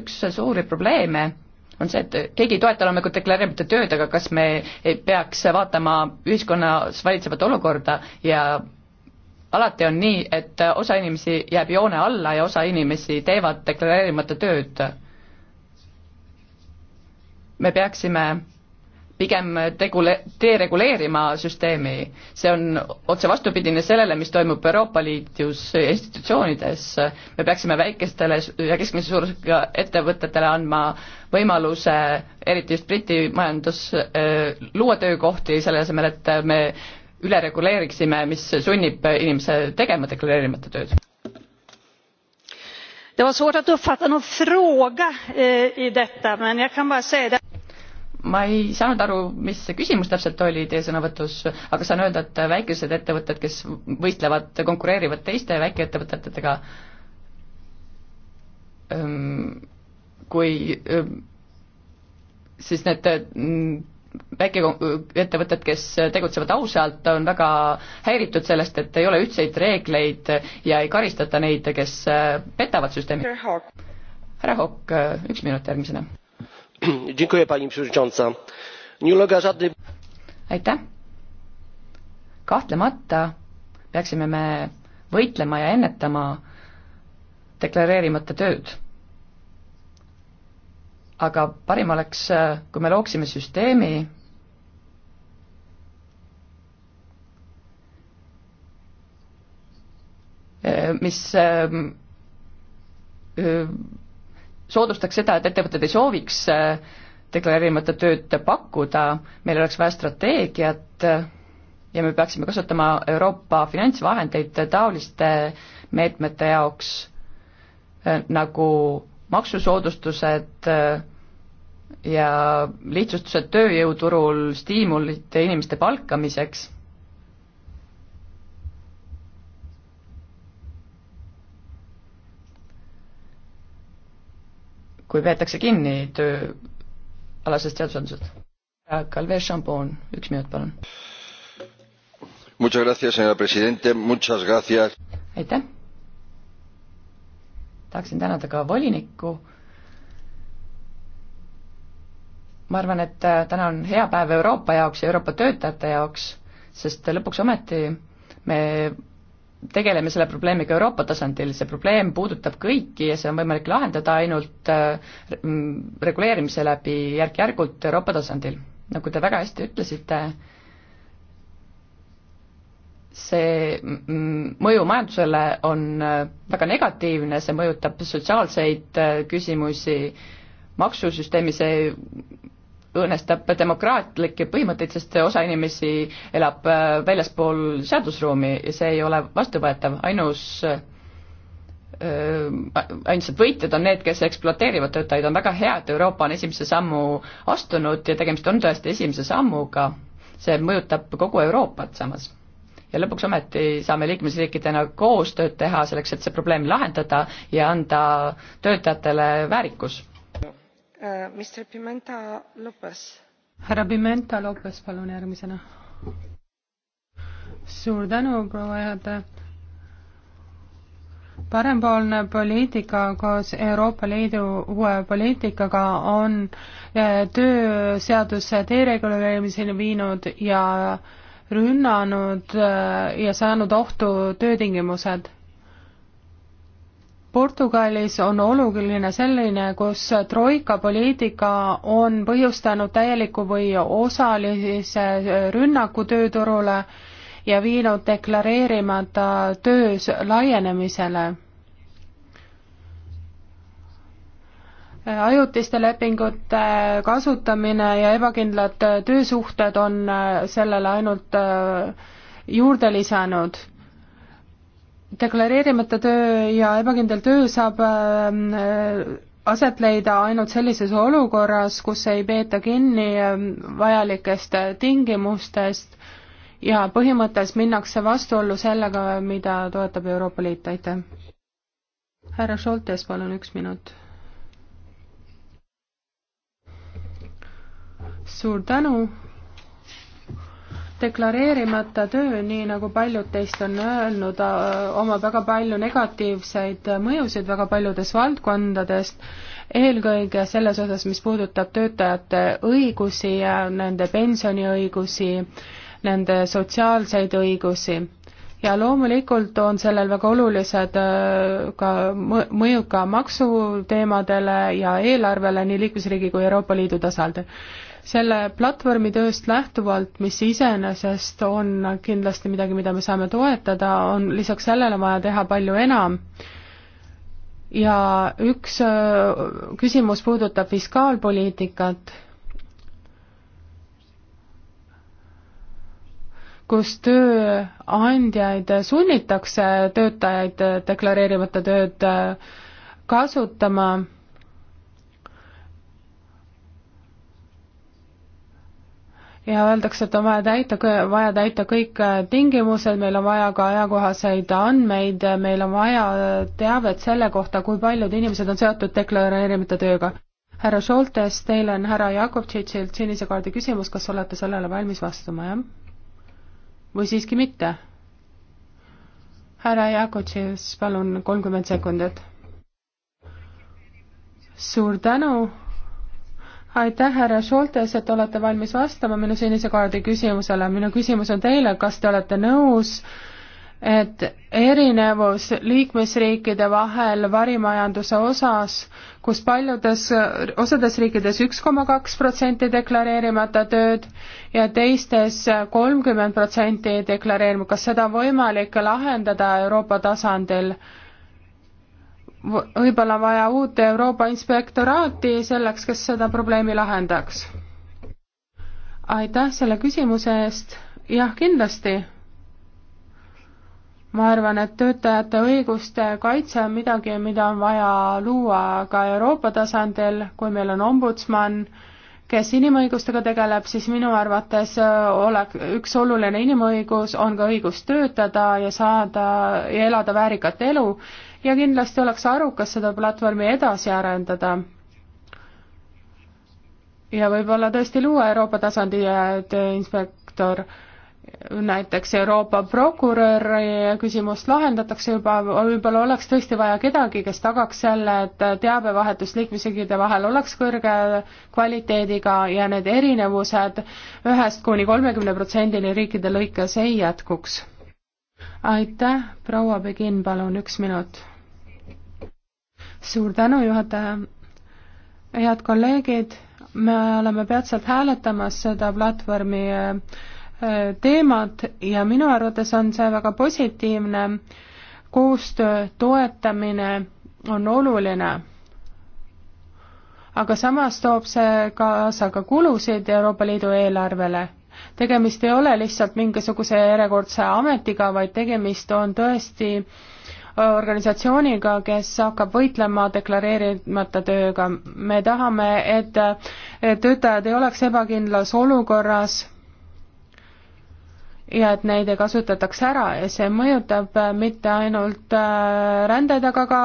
Speaker 3: üks suuri probleeme on see, et keegi ei toeta loomulikult deklareerimata tööd, aga kas me ei peaks vaatama ühiskonnas valitsevat olukorda ja alati on nii, et osa inimesi jääb joone alla ja osa inimesi teevad deklareerimata tööd. me peaksime pigem tegule-, dereguleerima süsteemi. see on otse vastupidine sellele, mis toimub Euroopa Liidus institutsioonides. me peaksime väikestele ja keskmise suurusega ettevõtetele andma võimaluse, eriti just Briti majandus, äh, luua töökohti, selle asemel, et me üle reguleeriksime, mis sunnib inimese tegema deklareerimata tööd. Det var svårt att uppfatta någon fråga eh, i detta, men jag kan bara säga det ma ei saanud aru, mis see küsimus täpselt oli teie sõnavõtus, aga saan öelda, et väikesed ettevõtted, kes võistlevad, konkureerivad teiste väikeettevõtetega, kui siis need mm, väikeettevõtted, kes tegutsevad ausalt, on väga häiritud sellest, et ei ole ühtseid reegleid ja ei karistata neid, kes petavad süsteemi. härra Hokk, üks minut järgmisena [clears throat] aitäh! kahtlemata peaksime me võitlema ja ennetama deklareerimata tööd. aga parim oleks, kui me looksime süsteemi, mis äh, äh, soodustaks seda, et ettevõtted ei sooviks äh, deklareerimata tööd pakkuda, meil oleks vaja strateegiat äh, ja me peaksime kasutama Euroopa finantsvahendeid taoliste meetmete jaoks, äh, nagu maksusoodustused ja lihtsustused tööjõuturul, stiimulid inimeste palkamiseks kui peetakse kinni tööalasest seadusandlusest. Calvet Champon, üks minut, palun.
Speaker 1: Muchas gracias, señora presidente, muchas gracias.
Speaker 3: aitäh. tahaksin tänada ka volinikku. ma arvan, et täna on hea päev Euroopa jaoks ja Euroopa töötajate jaoks, sest lõpuks ometi me tegeleme selle probleemiga Euroopa tasandil, see probleem puudutab kõiki ja see on võimalik lahendada ainult äh, reguleerimise läbi järk-järgult Euroopa tasandil. nagu te väga hästi ütlesite, see mõju majandusele on äh, väga negatiivne, see mõjutab sotsiaalseid äh, küsimusi, maksusüsteemi, see õõnestab demokraatlikke põhimõtteid, sest osa inimesi elab äh, väljaspool seadusruumi ja see ei ole vastuvõetav, ainus äh, ainsad võitjad on need, kes ekspluateerivad töötajaid, on väga hea, et Euroopa on esimese sammu astunud ja tegemist on tõesti esimese sammuga, see mõjutab kogu Euroopat samas. ja lõpuks ometi saame liikmesriikidena koostööd teha selleks, et see probleem lahendada ja anda töötajatele väärikus Uh, härra
Speaker 1: Pimenta Lopes, palun järgmisena. suur tänu, proua juhataja. parempoolne poliitika koos Euroopa Liidu uue poliitikaga on eh, tööseaduse dereguleerimiseni viinud ja rünnanud eh, ja saanud ohtu töötingimused Portugalis on oluline selline, kus troika poliitika on põhjustanud täieliku või osalise rünnaku tööturule ja viinud deklareerimata töös laienemisele. ajutiste lepingute kasutamine ja ebakindlad töösuhted on sellele ainult juurde lisanud deklareerimata töö ja ebakindel töö saab ähm, äh, aset leida ainult sellises olukorras, kus ei peeta kinni ähm, vajalikest äh, tingimustest ja põhimõttes minnakse vastuollu sellega, mida toetab Euroopa Liit, aitäh. härra Šoltes, palun üks minut. suur tänu deklareerimata töö, nii nagu paljud teist on öelnud, äh, omab väga palju negatiivseid mõjusid väga paljudes valdkondades, eelkõige selles osas, mis puudutab töötajate õigusi ja nende pensioniõigusi, nende sotsiaalseid õigusi. ja loomulikult on sellel väga olulised äh, ka mõjud ka maksuteemadele ja eelarvele nii liikmesriigi kui Euroopa Liidu tasandil selle platvormi tööst lähtuvalt, mis iseenesest on kindlasti midagi, mida me saame toetada, on lisaks sellele vaja teha palju enam. ja üks äh, küsimus puudutab fiskaalpoliitikat, kus tööandjaid sunnitakse töötajaid deklareerimata tööd äh, kasutama ja öeldakse, et on vaja täita, vaja täita kõik äh, tingimused, meil on vaja ka ajakohaseid andmeid, meil on vaja äh, teavet selle kohta, kui paljud inimesed on seotud deklareerimata tööga. härra Šoltes, teil on härra Jakobtšitšilt sinise kaardi küsimus, kas olete sellele valmis vastama, jah? või siiski mitte? härra Jakobtšits, palun kolmkümmend sekundit. suur tänu aitäh, härra Šoltes, et olete valmis vastama minu senise kaardi küsimusele. minu küsimus on teile, kas te olete nõus, et erinevus liikmesriikide vahel varimajanduse osas, kus paljudes, osades riikides üks koma kaks protsenti deklareerimata tööd ja teistes kolmkümmend protsenti deklareerimata, kas seda on võimalik lahendada Euroopa tasandil? võib-olla vaja uut Euroopa inspektoraati selleks, kes seda probleemi lahendaks? aitäh selle küsimuse eest, jah, kindlasti. ma arvan, et töötajate õiguste kaitse on midagi, mida on vaja luua ka Euroopa tasandil, kui meil on ombudsman, kes inimõigustega tegeleb, siis minu arvates äh, olek-, üks oluline inimõigus on ka õigus töötada ja saada ja elada väärikat elu ja kindlasti oleks arukas seda platvormi edasi arendada. ja võib-olla tõesti luua Euroopa tasandi äh, tööinspektor, näiteks Euroopa prokuröri küsimust lahendatakse juba, võib-olla oleks tõesti vaja kedagi, kes tagaks selle, et teabevahetus liikmesriikide vahel oleks kõrge kvaliteediga ja need erinevused ühest kuni kolmekümne protsendini riikide lõikes ei jätkuks aitäh, proua Begin, palun üks minut suur tänu, juhataja. head kolleegid, me oleme peatselt hääletamas seda platvormi äh, äh, teemat ja minu arvates on see väga positiivne. koostöö toetamine on oluline aga samas toob see kaasa ka kulusid Euroopa Liidu eelarvele. tegemist ei ole lihtsalt mingisuguse järjekordse ametiga, vaid tegemist on tõesti organisatsiooniga, kes hakkab võitlema deklareerimata tööga. me tahame, et töötajad ei oleks ebakindlas olukorras ja et neid ei kasutataks ära ja see mõjutab äh, mitte ainult äh, rändajaid, aga ka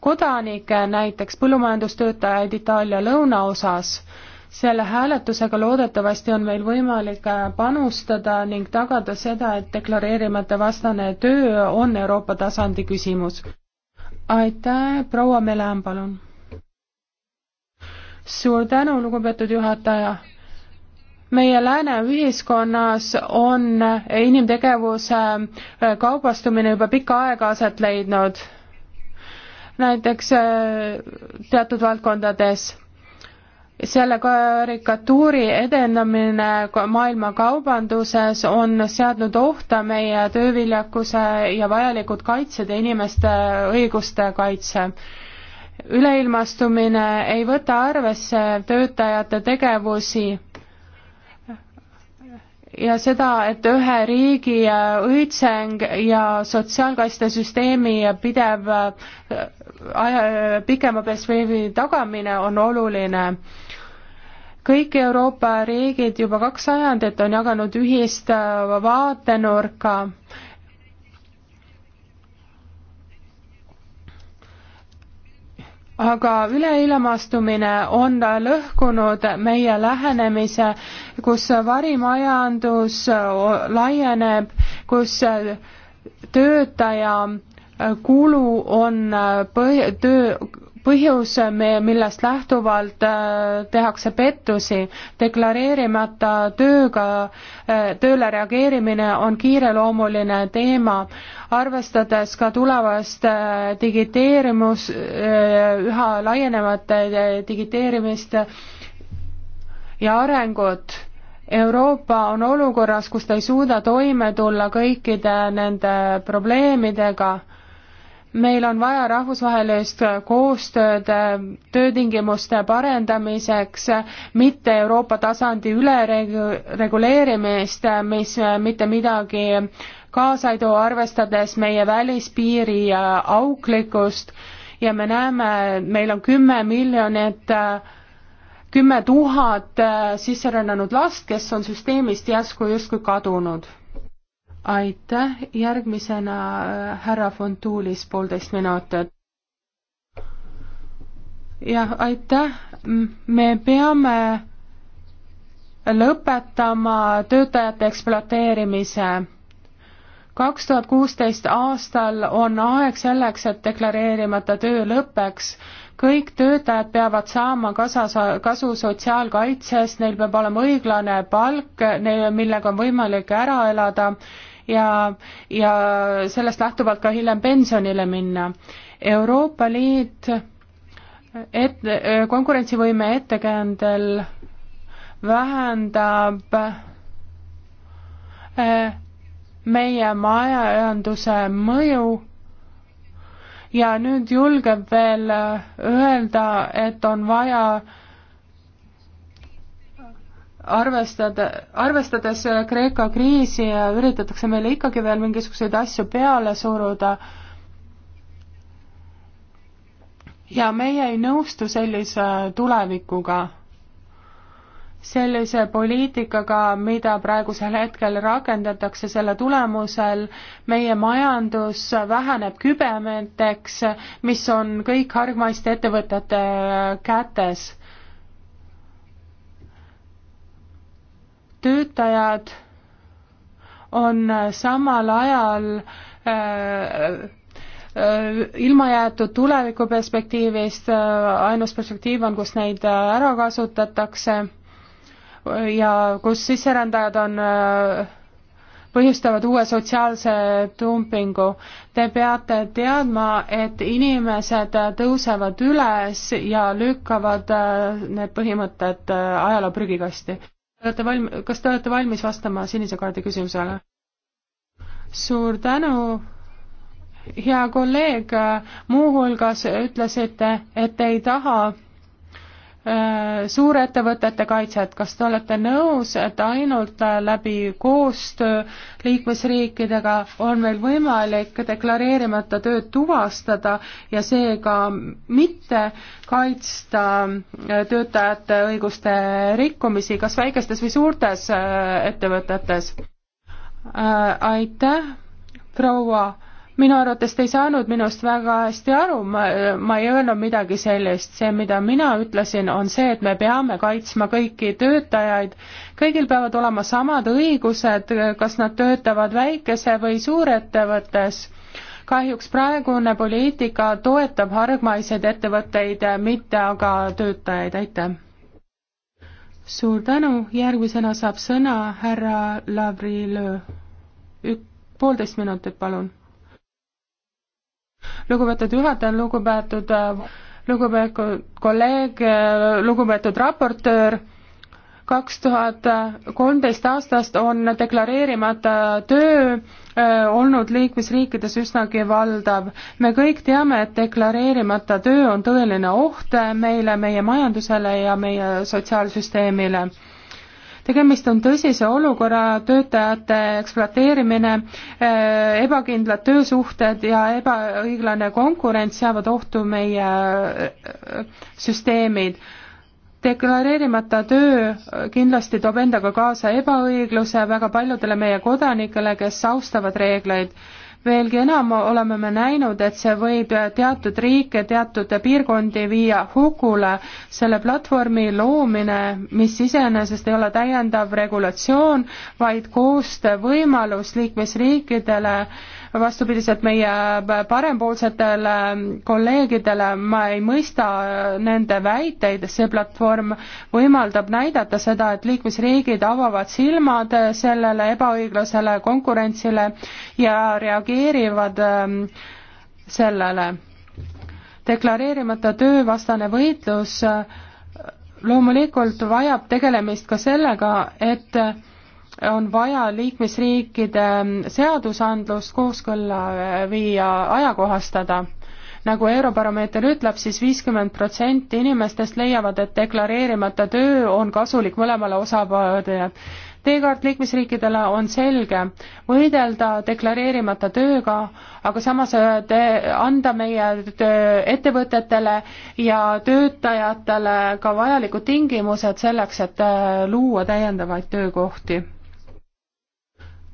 Speaker 1: kodanikke, näiteks põllumajandustöötajaid Itaalia lõunaosas selle hääletusega loodetavasti on meil võimalik äh, panustada ning tagada seda, et deklareerimata vastane töö on Euroopa tasandi küsimus. aitäh, proua Melem, palun. suur tänu, lugupeetud juhataja meie lääne ühiskonnas on inimtegevuse äh, kaubastumine juba pikka aega aset leidnud, näiteks äh, teatud valdkondades selle karikatuuri edendamine maailma kaubanduses on seadnud ohta meie tööviljakuse ja vajalikud kaitsed ja inimeste õiguste kaitse. üleilmastumine ei võta arvesse töötajate tegevusi ja seda, et ühe riigi õitseng ja sotsiaalkaitsesüsteemi pidev aja, äh, pikema perspektiivi tagamine on oluline kõik Euroopa riigid juba kaks sajandit on jaganud ühist äh, vaatenurka aga üleilmastumine on lõhkunud meie lähenemise, kus varimajandus äh, laieneb, kus äh, töötaja kulu on põh-, töö põhjus, millest lähtuvalt äh, tehakse pettusi, deklareerimata tööga, äh, tööle reageerimine on kiireloomuline teema, arvestades ka tulevast äh, digiteerimus, üha laienevat digiteerimist ja arengut. Euroopa on olukorras, kus ta ei suuda toime tulla kõikide nende probleemidega meil on vaja rahvusvahelist koostööd töötingimuste parendamiseks, mitte Euroopa tasandi ülereguleerimist, mis mitte midagi kaasa ei too, arvestades meie välispiiri auklikkust ja me näeme, meil on kümme miljonit, kümme tuhat sisserännanud last, kes on süsteemist järsku justkui kadunud aitäh, järgmisena äh, härra Fontuulis poolteist minutit. jah, aitäh, me peame lõpetama töötajate ekspluateerimise. kaks tuhat kuusteist aastal on aeg selleks, et deklareerimata töö lõpeks kõik töötajad peavad saama kasa, kasu sotsiaalkaitsest, neil peab olema õiglane palk, millega on võimalik ära elada ja, ja sellest lähtuvalt ka hiljem pensionile minna. Euroopa Liit et-, konkurentsivõime ettekäändel vähendab äh, meie majanduse mõju ja nüüd julgeb veel öelda, et on vaja arvestada, arvestades Kreeka kriisi üritatakse meile ikkagi veel mingisuguseid asju peale suruda ja meie ei nõustu sellise tulevikuga, sellise poliitikaga, mida praegusel hetkel rakendatakse, selle tulemusel meie majandus väheneb kübemeteks, mis on kõik hargmaiste ettevõtete kätes töötajad on samal ajal äh, äh ilma jäetud tulevikuperspektiivist, äh, ainus perspektiiv on, kus neid äh, ära kasutatakse ja kus sisserändajad on, põhjustavad uue sotsiaalse dumpingu. Te peate teadma, et inimesed tõusevad üles ja lükkavad need põhimõtted ajaloo prügikasti olete valm-, kas te olete valmis vastama sinise kaardi küsimusele? suur tänu, hea kolleeg, muuhulgas ütlesite, et ei taha Äh, suurettevõtete kaitset, kas te olete nõus, et ainult äh, läbi koostöö liikmesriikidega on meil võimalik deklareerimata tööd tuvastada ja seega mitte kaitsta äh, töötajate õiguste rikkumisi, kas väikestes või suurtes ettevõtetes? aitäh, proua minu arvates te ei saanud minust väga hästi aru, ma, ma ei öelnud midagi sellist, see, mida mina ütlesin, on see, et me peame kaitsma kõiki töötajaid, kõigil peavad olema samad õigused, kas nad töötavad väikese või suurettevõttes. kahjuks praegune poliitika toetab hargmaiseid ettevõtteid, mitte aga töötajaid, aitäh! suur tänu, järgmisena saab sõna härra Lavrilö. ük-, poolteist minutit, palun lugupeetud juhataja, lugupeetud, äh, lugupeetud kolleeg, äh, lugupeetud raportöör, kaks tuhat kolmteist aastast on deklareerimata töö äh, olnud liikmesriikides üsnagi valdav. me kõik teame, et deklareerimata töö on tõeline oht meile, meie majandusele ja meie sotsiaalsüsteemile tegemist on tõsise olukorra, töötajate ekspluateerimine, eh, ebakindlad töösuhted ja ebaõiglane konkurents seavad ohtu meie eh, süsteemid deklareerimata töö kindlasti toob endaga kaasa ebaõigluse väga paljudele meie kodanikele, kes austavad reegleid veelgi enam oleme me näinud, et see võib teatud riike, teatud piirkondi viia hukule. selle platvormi loomine, mis iseenesest ei ole täiendav regulatsioon, vaid koostöövõimalus liikmesriikidele vastupidiselt meie parempoolsetele kolleegidele ma ei mõista nende väiteid, see platvorm võimaldab näidata seda, et liikmesriigid avavad silmad sellele ebaõiglasele konkurentsile ja reageerivad ähm, sellele. deklareerimata töövastane võitlus äh, loomulikult vajab tegelemist ka sellega, et on vaja liikmesriikide seadusandlust kooskõlla äh, viia, ajakohastada. nagu Eurobaromeeter ütleb siis, siis viiskümmend protsenti inimestest leiavad, et deklareerimata töö on kasulik mõlemale osapoolele. teekaart liikmesriikidele on selge, võidelda deklareerimata tööga, aga samas äh, anda meie ettevõtetele ja töötajatele ka vajalikud tingimused selleks, et äh, luua täiendavaid töökohti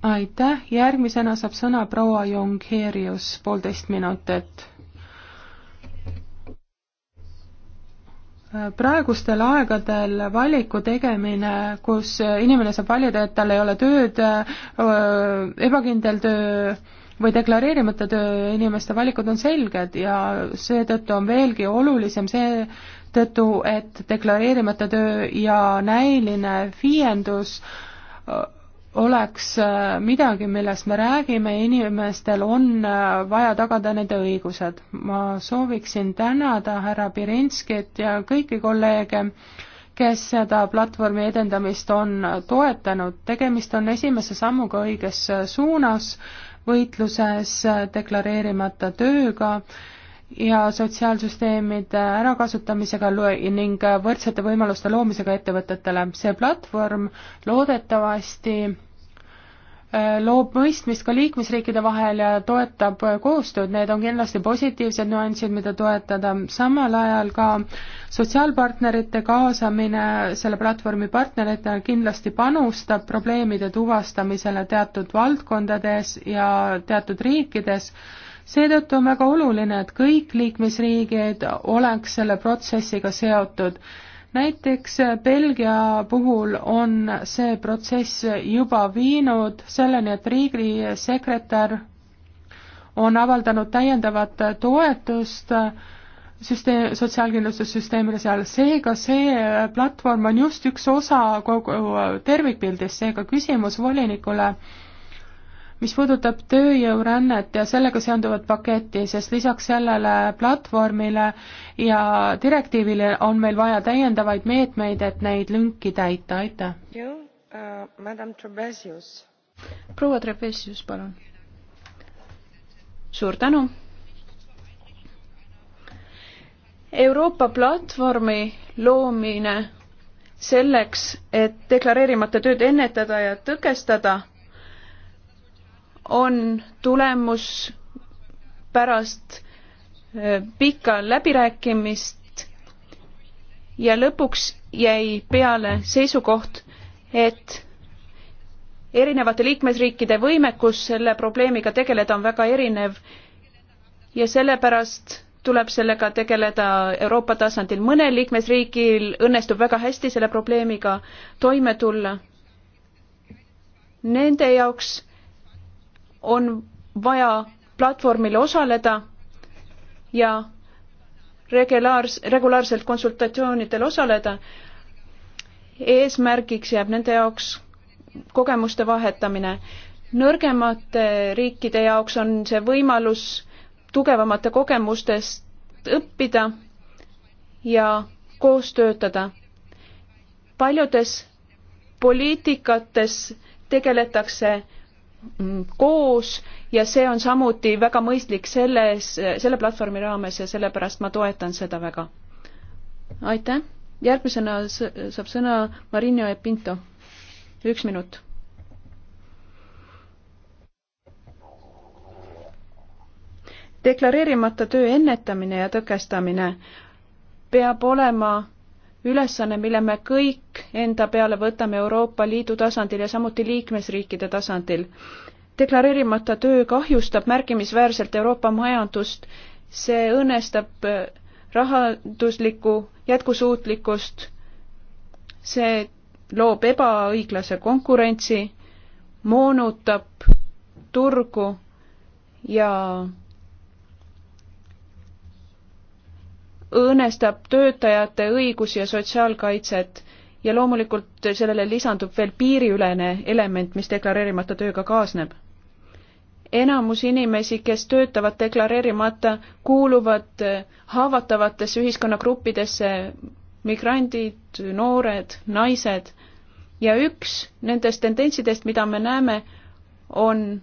Speaker 1: aitäh, järgmisena saab sõna proua Jongerius, poolteist minutit. praegustel aegadel valiku tegemine, kus inimene saab valida, et tal ei ole tööd, ebakindel töö või deklareerimata töö, inimeste valikud on selged ja seetõttu on veelgi olulisem see, tõttu, et deklareerimata töö ja näiline viiendus oleks äh, midagi, millest me räägime ja inimestel on äh, vaja tagada nende õigused. ma sooviksin tänada härra Pirinskit ja kõiki kolleege, kes seda platvormi edendamist on toetanud. tegemist on esimese sammuga õiges äh, suunas, võitluses deklareerimata tööga ja sotsiaalsüsteemide ärakasutamisega ning võrdsete võimaluste loomisega ettevõtetele. see platvorm loodetavasti Äh, loob mõistmist ka liikmesriikide vahel ja toetab koostööd, need on kindlasti positiivsed nüansid, mida toetada, samal ajal ka sotsiaalpartnerite kaasamine selle platvormi partneritena kindlasti panustab probleemide tuvastamisele teatud valdkondades ja teatud riikides, seetõttu on väga oluline, et kõik liikmesriigid oleks selle protsessiga seotud näiteks äh, Belgia puhul on see protsess juba viinud selleni, et riigisekretär on avaldanud täiendavat toetust äh, süsteem, sotsiaalkindlustussüsteemile seal, seega see äh, platvorm on just üks osa kogu tervikpildist, seega küsimus volinikule äh, mis puudutab tööjõurännet ja sellega seonduvat paketti, sest lisaks sellele platvormile ja direktiivile on meil vaja täiendavaid meetmeid, et neid lünki täita, aitäh. Uh, proua Trebesius, palun.
Speaker 2: suur tänu. Euroopa platvormi loomine selleks, et deklareerimata tööd ennetada ja tõkestada on tulemus pärast äh, pikka läbirääkimist ja lõpuks jäi peale seisukoht, et erinevate liikmesriikide võimekus selle probleemiga tegeleda on väga erinev ja sellepärast tuleb sellega tegeleda Euroopa tasandil. mõnel liikmesriigil õnnestub väga hästi selle probleemiga toime tulla. Nende jaoks on vaja platvormil osaleda ja regulaars-, regulaarselt konsultatsioonidel osaleda. eesmärgiks jääb nende jaoks kogemuste vahetamine. nõrgemate riikide jaoks on see võimalus tugevamate kogemustest õppida ja koos töötada. paljudes poliitikates tegeletakse koos ja see on samuti väga mõistlik selles, selle platvormi raames ja sellepärast ma toetan seda väga. aitäh, järgmisena saab sõna Marino Epinto. üks minut. deklareerimata töö ennetamine ja tõkestamine peab olema ülesanne, mille me kõik enda peale võtame Euroopa Liidu tasandil ja samuti liikmesriikide tasandil. deklareerimata töö kahjustab märkimisväärselt Euroopa majandust, see õõnestab äh, rahanduslikku jätkusuutlikkust, see loob ebaõiglase konkurentsi, moonutab turgu ja õõnestab töötajate õigusi ja sotsiaalkaitset ja loomulikult sellele lisandub veel piiriülene element, mis deklareerimata tööga kaasneb. enamus inimesi, kes töötavad deklareerimata, kuuluvad haavatavatesse ühiskonnagruppidesse, migrandid, noored, naised, ja üks nendest tendentsidest, mida me näeme, on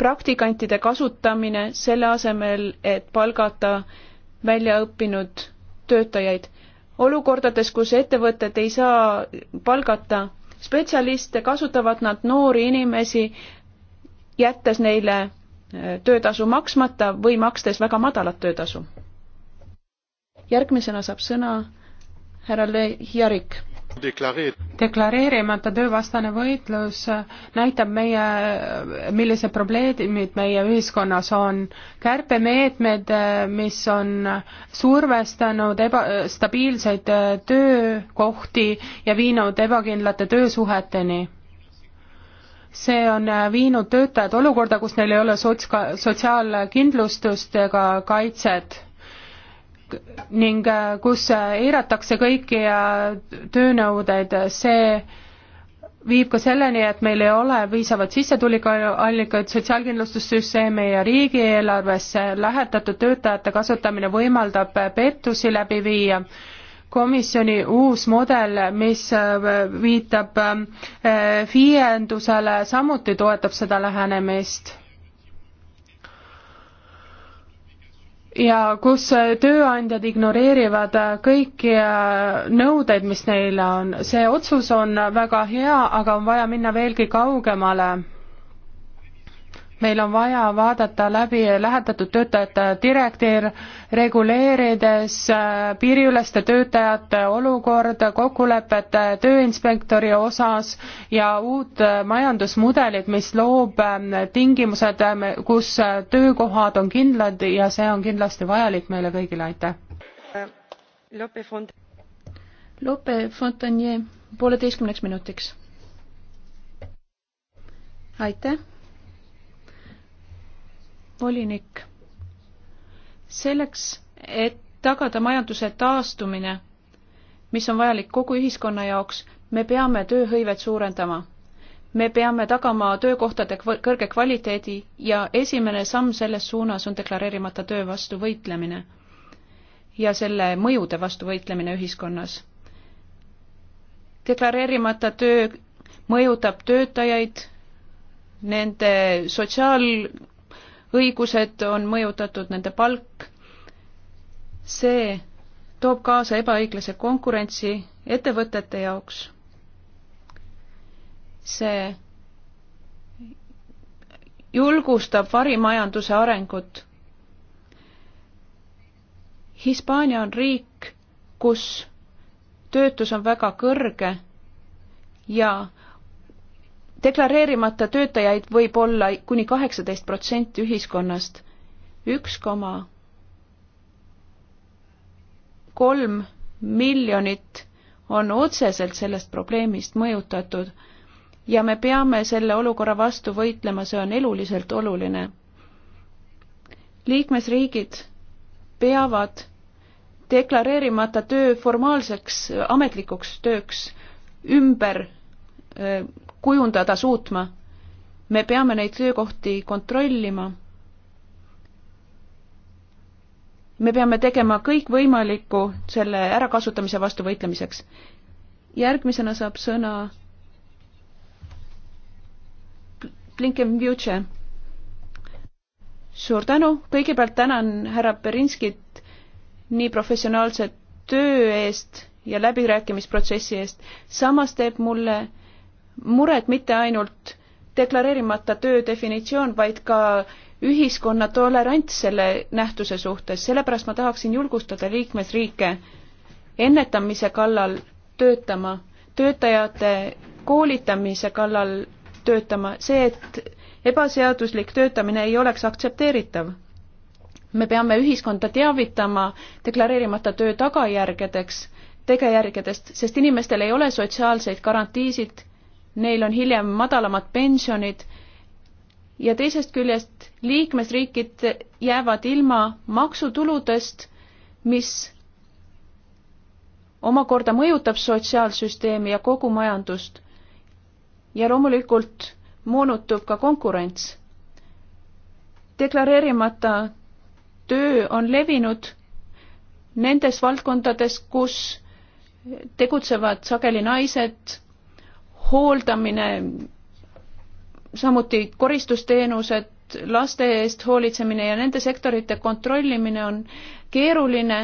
Speaker 2: praktikantide kasutamine selle asemel, et palgata äh, välja õppinud töötajaid. olukordades, kus ettevõtted ei saa palgata spetsialiste, kasutavad nad noori inimesi, jättes neile äh, töötasu maksmata või makstes väga madalat töötasu. järgmisena
Speaker 1: saab sõna härra Le Jarik deklareerimata töövastane võitlus näitab meie, millised probleemid meie ühiskonnas on. kärpemeetmed, mis on survestanud ebastabiilseid töökohti ja viinud ebakindlate töösuheteni see on viinud töötajad olukorda, kus neil ei ole sots-, sotsiaalkindlustust ega kaitset ning äh, kus äh, eiratakse kõiki äh, töönõudeid, see viib ka selleni, et meil ei ole piisavat sissetulikuallikaid sotsiaalkindlustussüsteemi ja riigieelarvesse lähetatud töötajate kasutamine võimaldab pettusi läbi viia. komisjoni uus mudel, mis viitab FIE-ndusele, samuti toetab seda lähenemist ja kus tööandjad ignoreerivad kõiki nõudeid, mis neile on. see otsus on väga hea, aga on vaja minna veelgi kaugemale meil on vaja vaadata läbi lähetatud töötajate direktiiv, reguleerides äh, piiriüleste töötajate olukorda, kokkulepete tööinspektori osas ja uut äh, majandusmudelit, mis loob äh, tingimused, kus töökohad on kindlad ja see on kindlasti vajalik meile kõigile, aitäh!
Speaker 2: Lope Fontanier pooleteistkümneks minutiks. aitäh! volinik, selleks, et tagada majanduse taastumine, mis on vajalik kogu ühiskonna jaoks, me peame tööhõivet suurendama. me peame tagama töökohtade kõrge kvaliteedi ja esimene samm selles suunas on deklareerimata töö vastu võitlemine ja selle mõjude vastu võitlemine ühiskonnas. deklareerimata töö mõjutab töötajaid, nende sotsiaal- õigused on mõjutatud, nende palk, see toob kaasa ebaõiglase konkurentsi ettevõtete jaoks. see julgustab varimajanduse arengut. Hispaania on riik, kus töötus on väga kõrge ja deklareerimata töötajaid võib olla kuni kaheksateist protsenti ühiskonnast, üks koma kolm miljonit on otseselt sellest probleemist mõjutatud ja me peame selle olukorra vastu võitlema, see on eluliselt oluline. liikmesriigid peavad deklareerimata töö formaalseks ametlikuks tööks ümber äh, kujundada suutma. me peame neid töökohti kontrollima. me peame tegema kõik võimalikku selle ärakasutamise vastu võitlemiseks. järgmisena saab sõna Blinken Future. suur tänu, kõigepealt tänan härra Berinskit nii professionaalse töö eest ja läbirääkimisprotsessi eest. samas teeb mulle muret mitte ainult deklareerimata töö definitsioon, vaid ka ühiskonna tolerants selle nähtuse suhtes, sellepärast ma tahaksin julgustada liikmesriike ennetamise kallal töötama, töötajate koolitamise kallal töötama, see, et ebaseaduslik töötamine ei oleks aktsepteeritav. me peame ühiskonda teavitama deklareerimata töö tagajärgedeks, tegejärgedest, sest inimestel ei ole sotsiaalseid garantiisid neil on hiljem madalamad pensionid ja teisest küljest liikmesriigid jäävad ilma maksutuludest, mis omakorda mõjutab sotsiaalsüsteemi ja kogu majandust. ja loomulikult moonutub ka konkurents. deklareerimata töö on levinud nendes valdkondades, kus tegutsevad sageli naised, hooldamine, samuti koristusteenused, laste eest hoolitsemine ja nende sektorite kontrollimine on keeruline,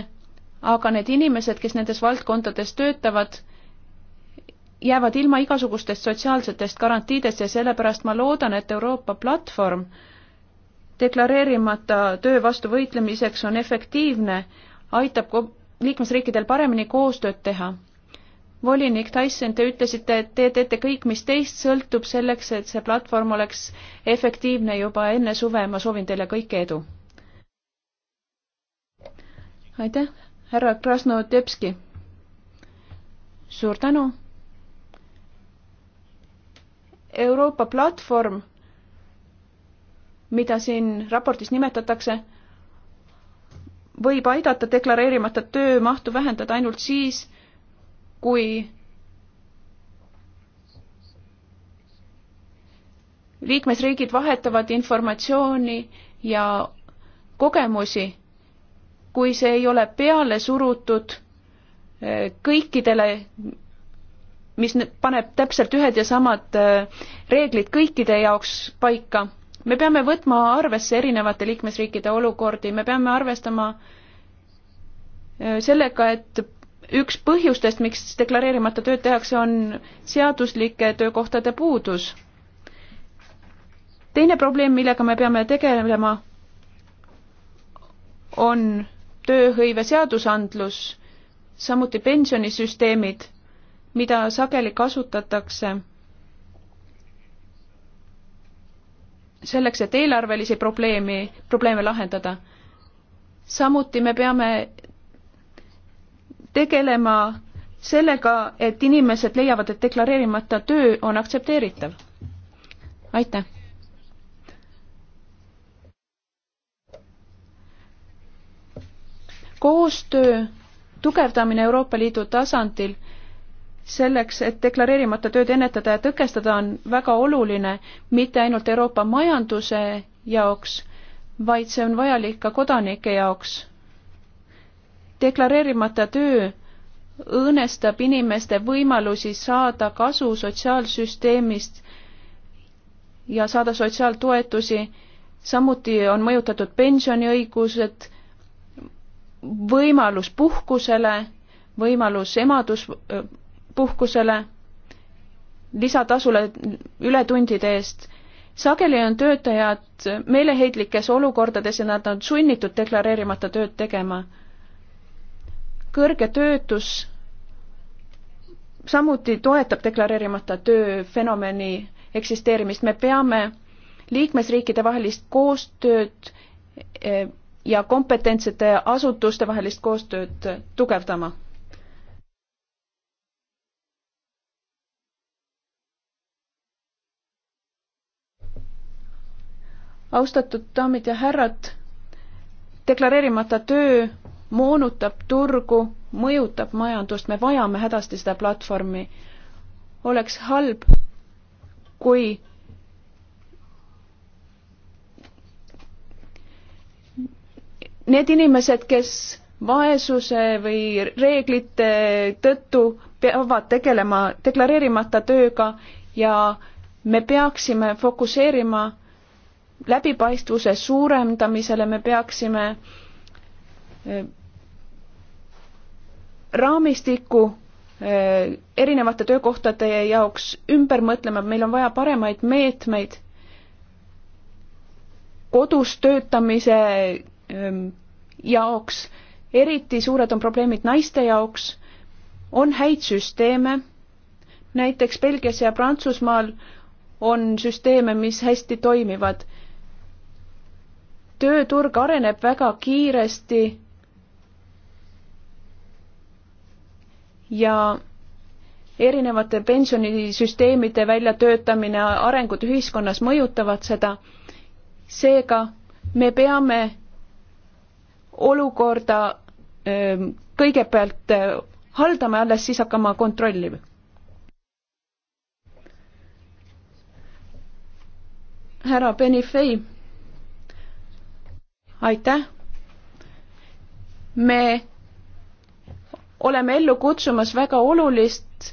Speaker 2: aga need inimesed, kes nendes valdkondades töötavad, jäävad ilma igasugustest sotsiaalsetest garantiidest ja sellepärast ma loodan, et Euroopa platvorm deklareerimata töö vastu võitlemiseks on efektiivne, aitab liikmesriikidel paremini koostööd teha volinik Tyson, te ütlesite, et te teete kõik, mis teist sõltub selleks, et see platvorm oleks efektiivne juba enne suve. ma soovin teile kõike edu. aitäh, härra Krasnodebski. suur tänu. Euroopa platvorm, mida siin raportis nimetatakse võib aidata deklareerimata töömahtu vähendada ainult siis, kui liikmesriigid vahetavad informatsiooni ja kogemusi, kui see ei ole peale surutud eh, kõikidele, mis paneb täpselt ühed ja samad eh, reeglid kõikide jaoks paika. me peame võtma arvesse erinevate liikmesriikide olukordi, me peame arvestama eh, sellega, et üks põhjustest, miks deklareerimata tööd tehakse, on seaduslike töökohtade puudus. teine probleem, millega me peame tegelema, on tööhõive seadusandlus, samuti pensionisüsteemid, mida sageli kasutatakse selleks, et eelarvelisi probleemi, probleeme lahendada. samuti me peame tegelema sellega, et inimesed leiavad, et deklareerimata töö on aktsepteeritav. aitäh. koostöö tugevdamine Euroopa Liidu tasandil selleks, et deklareerimata tööd ennetada ja tõkestada, on väga oluline mitte ainult Euroopa majanduse jaoks, vaid see on vajalik ka kodanike jaoks deklareerimata töö õõnestab inimeste võimalusi saada kasu sotsiaalsüsteemist ja saada sotsiaaltoetusi, samuti on mõjutatud pensioniõigused, võimalus puhkusele, võimalus emaduspuhkusele, äh, lisatasule ületundide eest. sageli on töötajad meeleheitlikes olukordades ja nad on sunnitud deklareerimata tööd tegema kõrge töötus samuti toetab deklareerimata töö fenomeni eksisteerimist, me peame liikmesriikide vahelist koostööd eh, ja kompetentsete asutuste vahelist koostööd tugevdama. austatud daamid ja härrad, deklareerimata töö moonutab turgu, mõjutab majandust, me vajame hädasti seda platvormi. oleks halb, kui need inimesed, kes vaesuse või reeglite tõttu peavad tegelema deklareerimata tööga ja me peaksime fokusseerima läbipaistvuse suurendamisele, me peaksime raamistikku eh, erinevate töökohtade jaoks ümber mõtlema, meil on vaja paremaid meetmeid kodus töötamise ehm, jaoks, eriti suured on probleemid naiste jaoks, on häid süsteeme, näiteks Belgias ja Prantsusmaal on süsteeme, mis hästi toimivad. tööturg areneb väga kiiresti ja erinevate pensionisüsteemide väljatöötamine, arengud ühiskonnas mõjutavad seda. seega me peame olukorda ähm, kõigepealt äh, haldame, alles siis hakkama kontrollima. härra Benifei, aitäh. me oleme ellu kutsumas väga olulist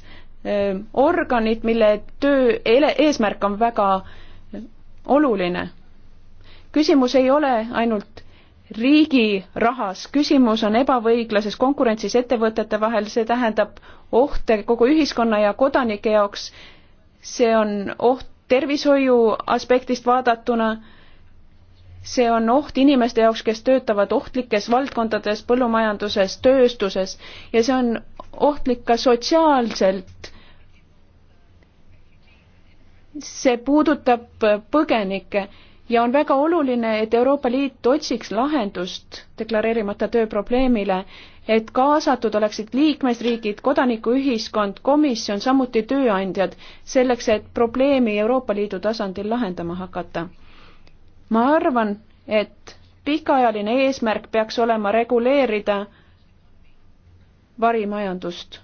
Speaker 2: organit, mille töö eesmärk on väga oluline. küsimus ei ole ainult riigi rahas, küsimus on ebavõiglases konkurentsis ettevõtete vahel, see tähendab ohte kogu ühiskonna ja kodanike jaoks, see on oht tervishoiu aspektist vaadatuna see on oht inimeste jaoks, kes töötavad ohtlikes valdkondades, põllumajanduses, tööstuses ja see on ohtlik ka sotsiaalselt. see puudutab põgenikke ja on väga oluline, et Euroopa Liit otsiks lahendust deklareerimata töö probleemile, et kaasatud oleksid liikmesriigid, kodanikuühiskond, komisjon, samuti tööandjad, selleks et probleemi Euroopa Liidu tasandil lahendama hakata ma arvan, et pikaajaline eesmärk peaks olema reguleerida varimajandust.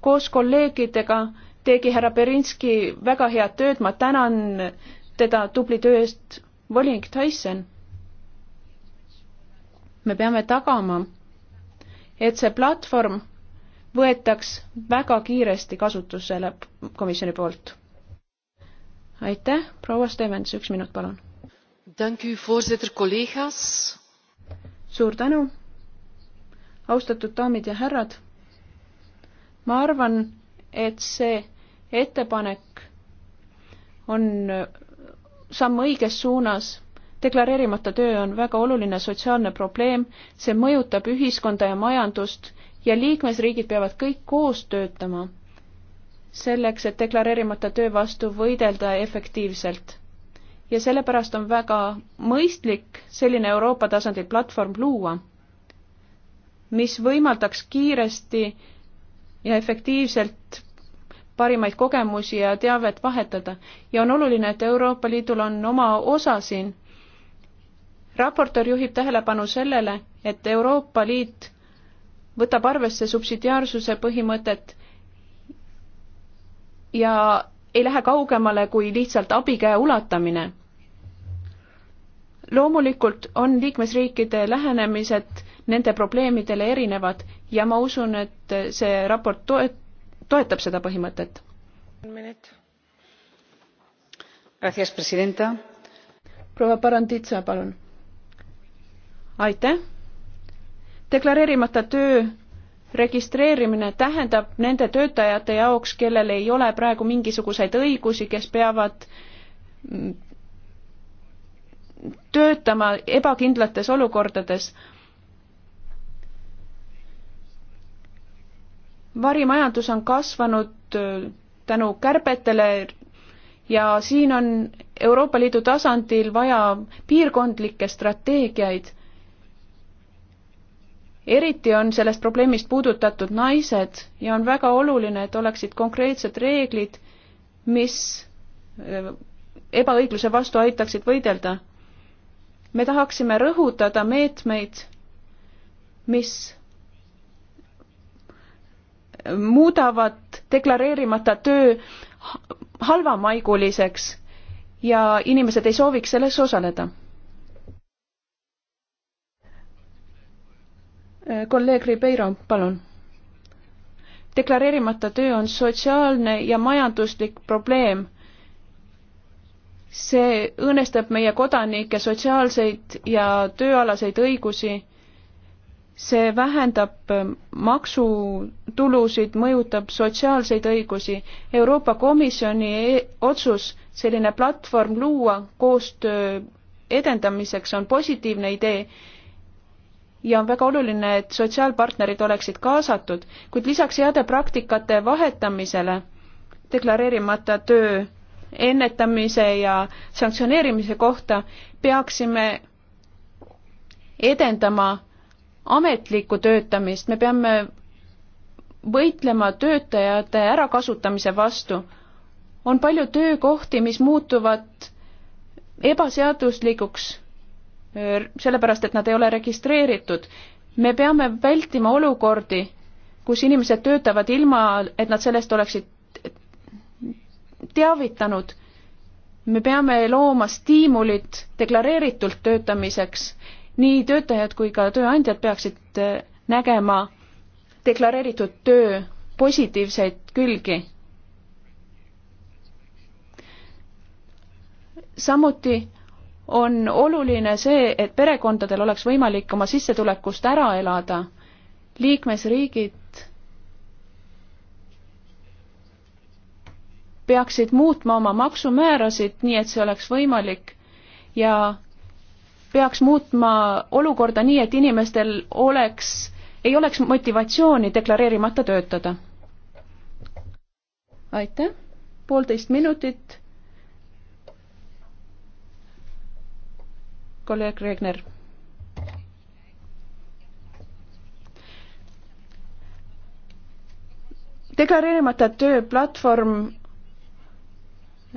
Speaker 2: koos kolleegidega tegi härra Berinski väga head tööd, ma tänan teda tubli töö eest, volinik Tyson. me peame tagama, et see platvorm võetaks väga kiiresti kasutusele komisjoni poolt aitäh, proua Stevens, üks minut, palun. suur tänu. austatud daamid ja härrad. ma arvan, et see ettepanek on samm õiges suunas. deklareerimata töö on väga oluline sotsiaalne probleem, see mõjutab ühiskonda ja majandust ja liikmesriigid peavad kõik koos töötama selleks, et deklareerimata töö vastu võidelda efektiivselt. ja sellepärast on väga mõistlik selline Euroopa tasandil platvorm luua, mis võimaldaks kiiresti ja efektiivselt parimaid kogemusi ja teavet vahetada ja on oluline, et Euroopa Liidul on oma osa siin. raportöör juhib tähelepanu sellele, et Euroopa Liit võtab arvesse subsidiaarsuse põhimõtet ja ei lähe kaugemale kui lihtsalt abikäe ulatamine. loomulikult on liikmesriikide lähenemised nende probleemidele erinevad ja ma usun, et see raport toet-, toetab seda põhimõtet. proua Baranditsa, palun. aitäh. deklareerimata töö registreerimine tähendab nende töötajate jaoks, kellel ei ole praegu mingisuguseid õigusi, kes peavad töötama ebakindlates olukordades. varimajandus on kasvanud äh, tänu kärbetele ja siin on Euroopa Liidu tasandil vaja piirkondlikke strateegiaid eriti on sellest probleemist puudutatud naised ja on väga oluline, et oleksid konkreetsed reeglid, mis eh, ebaõigluse vastu aitaksid võidelda. me tahaksime rõhutada meetmeid, mis muudavad deklareerimata töö halvamaiguliseks ja inimesed ei sooviks selles osaleda kolleeg Ribeiro, palun. deklareerimata töö on sotsiaalne ja majanduslik probleem. see õõnestab meie kodanike sotsiaalseid ja tööalaseid õigusi. see vähendab maksutulusid, mõjutab sotsiaalseid õigusi. Euroopa Komisjoni e otsus selline platvorm luua koostöö edendamiseks on positiivne idee ja on väga oluline, et sotsiaalpartnerid oleksid kaasatud, kuid lisaks heade praktikate vahetamisele deklareerimata töö ennetamise ja sanktsioneerimise kohta peaksime edendama ametlikku töötamist, me peame võitlema töötajate ärakasutamise vastu. on palju töökohti, mis muutuvad ebaseaduslikuks sellepärast, et nad ei ole registreeritud. me peame vältima olukordi, kus inimesed töötavad ilma, et nad sellest oleksid teavitanud. me peame looma stiimulid deklareeritult töötamiseks. nii töötajad kui ka tööandjad peaksid nägema deklareeritud töö positiivseid külgi. samuti on oluline see, et perekondadel oleks võimalik oma sissetulekust ära elada. liikmesriigid peaksid muutma oma maksumäärasid, nii et see oleks võimalik ja peaks muutma olukorda nii, et inimestel oleks, ei oleks motivatsiooni deklareerimata töötada. aitäh, poolteist minutit kolleeg Regner. deklareerimata tööplatvorm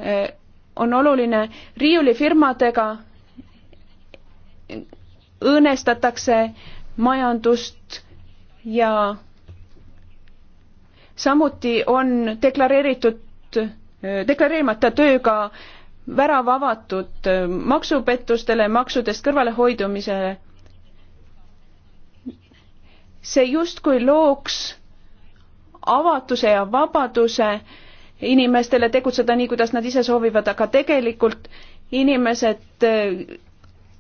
Speaker 2: eh, on oluline riiulifirmadega õõnestatakse majandust ja samuti on deklareeritud, eh, deklareerimata tööga värav avatud äh, maksupettustele, maksudest kõrvalehoidumisele. see justkui looks avatuse ja vabaduse inimestele tegutseda nii, kuidas nad ise soovivad, aga tegelikult inimesed äh,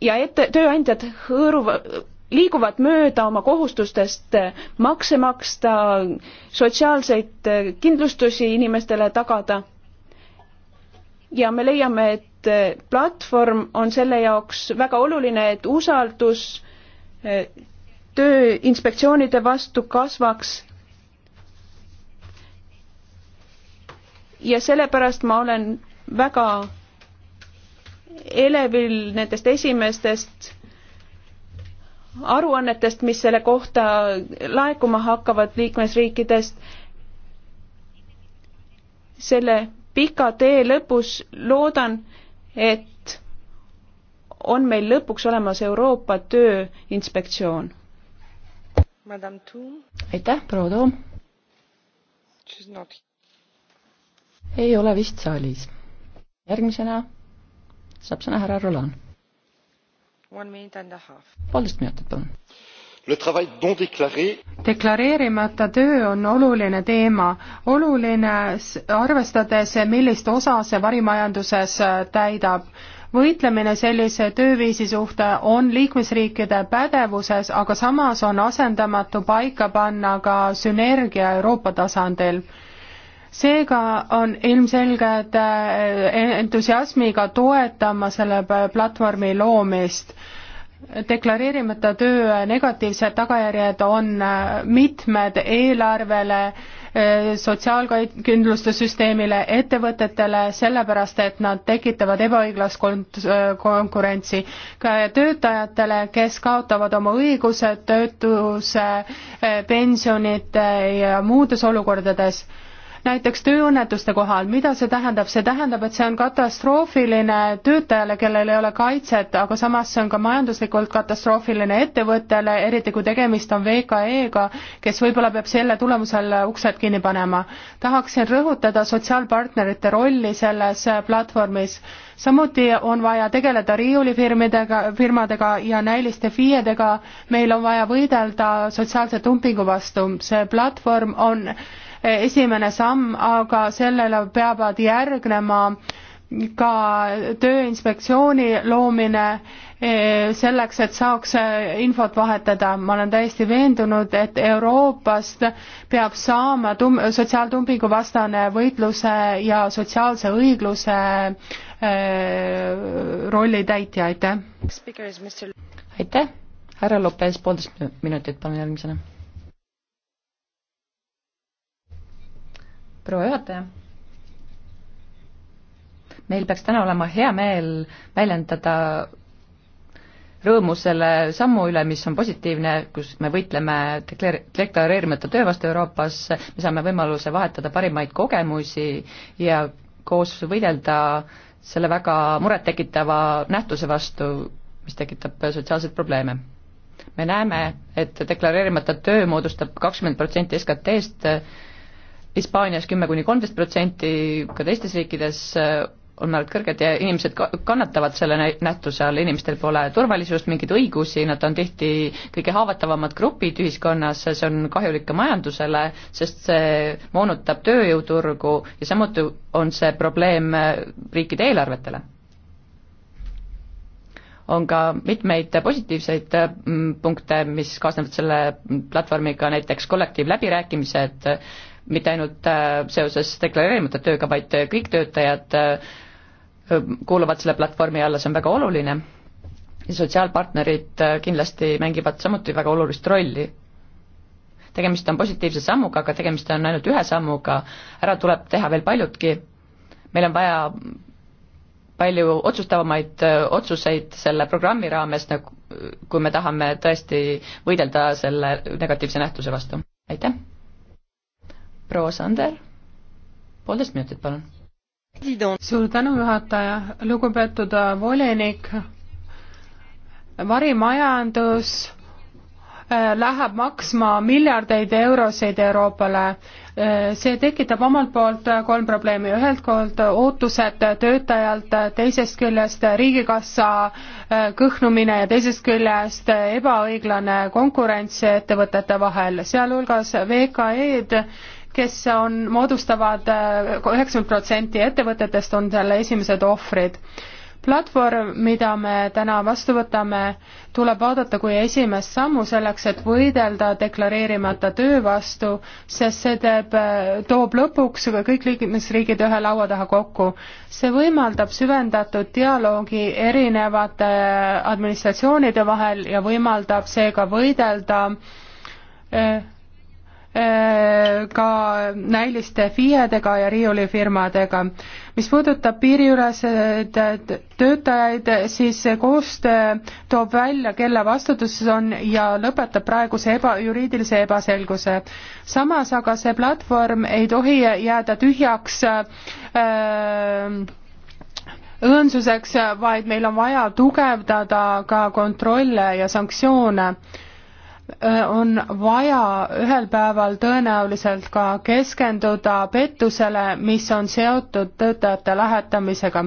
Speaker 2: ja ette, tööandjad hõõruvad, liiguvad mööda oma kohustustest äh, makse maksta, sotsiaalseid kindlustusi inimestele tagada ja me leiame, et eh, platvorm on selle jaoks väga oluline, et usaldus eh, tööinspektsioonide vastu kasvaks. ja sellepärast ma olen väga elevil nendest esimestest aruannetest, mis selle kohta laekuma hakkavad liikmesriikidest, selle pika tee lõpus loodan, et on meil lõpuks olemas Euroopa Tööinspektsioon.
Speaker 3: aitäh, proua Toom. ei ole vist saalis. järgmisena saab sõna härra Rolan. poolteist minutit, palun
Speaker 1: deklareerimata töö on oluline teema, oluline arvestades, millist osa see varimajanduses äh, täidab. võitlemine sellise tööviisi suhte on liikmesriikide pädevuses, aga samas on asendamatu paika panna ka sünergia Euroopa tasandil seega on ilmselge, et äh, entusiasmiga toetama selle platvormi loomist deklareerimata töö negatiivsed tagajärjed on äh, mitmed eelarvele, äh, sotsiaalkindlustussüsteemile, ettevõtetele, sellepärast et nad tekitavad ebaõiglast äh, konkurentsi. ka töötajatele, kes kaotavad oma õigused töötuse, pensionite ja muudes olukordades näiteks tööõnnetuste kohal, mida see tähendab, see tähendab, et see on katastroofiline töötajale, kellel ei ole kaitset, aga samas see on ka majanduslikult katastroofiline ettevõttele, eriti kui tegemist on VKE-ga, kes võib-olla peab selle tulemusel uksed kinni panema. tahaksin rõhutada sotsiaalpartnerite rolli selles platvormis. samuti on vaja tegeleda riiulifirmidega, firmadega ja näiliste FIE-dega, meil on vaja võidelda sotsiaalse dumpingu vastu, see platvorm on esimene samm, aga sellele peavad järgnema ka Tööinspektsiooni loomine eh, selleks, et saaks eh, infot vahetada. ma olen täiesti veendunud, et Euroopast peab saama tum-, sotsiaaltumbingu vastane võitluse ja sotsiaalse õigluse eh, rolli
Speaker 3: täitja, aitäh! aitäh, härra Lopez, poolteist minutit, palun järgmisena proua juhataja. meil peaks täna olema hea meel väljendada rõõmu selle sammu üle, mis on positiivne, kus me võitleme deklareer-, deklareerimata töö vastu Euroopas, me saame võimaluse vahetada parimaid kogemusi ja koos võidelda selle väga murettekitava nähtuse vastu, mis tekitab sotsiaalseid probleeme me näeme, et deklareerimata töö moodustab kakskümmend protsenti SKT-st Hispaanias kümme kuni kolmteist protsenti, ka teistes riikides äh, on määrad kõrged ja inimesed ka-, kannatavad selle nähtuse all, inimestel pole turvalisust, mingeid õigusi, nad on tihti kõige haavatavamad grupid ühiskonnas, see on kahjulik ka majandusele, sest see moonutab tööjõuturgu ja samuti on see probleem äh, riikide eelarvetele. on ka mitmeid positiivseid äh, punkte, mis kaasnevad selle platvormiga, näiteks kollektiivläbirääkimised, mitte ainult äh, seoses deklareerimata tööga, vaid äh, kõik töötajad äh, kuuluvad selle platvormi alla, see on väga oluline. ja sotsiaalpartnerid kindlasti mängivad samuti väga olulist rolli. tegemist on positiivse sammuga, aga tegemist on ainult ühe sammuga, ära tuleb teha veel paljutki, meil on vaja palju otsustavamaid otsuseid selle programmi raames, nagu kui me tahame tõesti võidelda selle negatiivse nähtuse vastu, aitäh! proua Sander, poolteist minutit, palun.
Speaker 1: suur tänu, juhataja, lugupeetud äh, volinik. varimajandus äh, läheb maksma miljardeid eurosid Euroopale. Äh, see tekitab omalt poolt kolm probleemi, ühelt poolt ootused töötajalt, teisest küljest riigikassa kõhnumine ja teisest küljest ebaõiglane konkurents ettevõtete vahel, sealhulgas VKE-d kes on moodustavad, moodustavad eh, üheksakümmend protsenti ettevõtetest, on selle esimesed ohvrid. platvorm, mida me täna vastu võtame, tuleb vaadata kui esimest sammu selleks, et võidelda deklareerimata töö vastu, sest see teeb, eh, toob lõpuks kõik liikmesriigid ühe laua taha kokku. see võimaldab süvendatud dialoogi erinevate administratsioonide vahel ja võimaldab seega võidelda eh, ka näiliste FIE-dega ja riiulifirmadega. mis puudutab piiriüleseid töötajaid, siis see koostöö toob välja, kelle vastutuses on ja lõpetab praeguse eba, juriidilise ebaselguse. samas aga see platvorm ei tohi jääda tühjaks äh, õõnsuseks, vaid meil on vaja tugevdada ka kontrolle ja sanktsioone äh, Äh, on vaja ühel päeval tõenäoliselt ka keskenduda pettusele, mis on seotud töötajate lähetamisega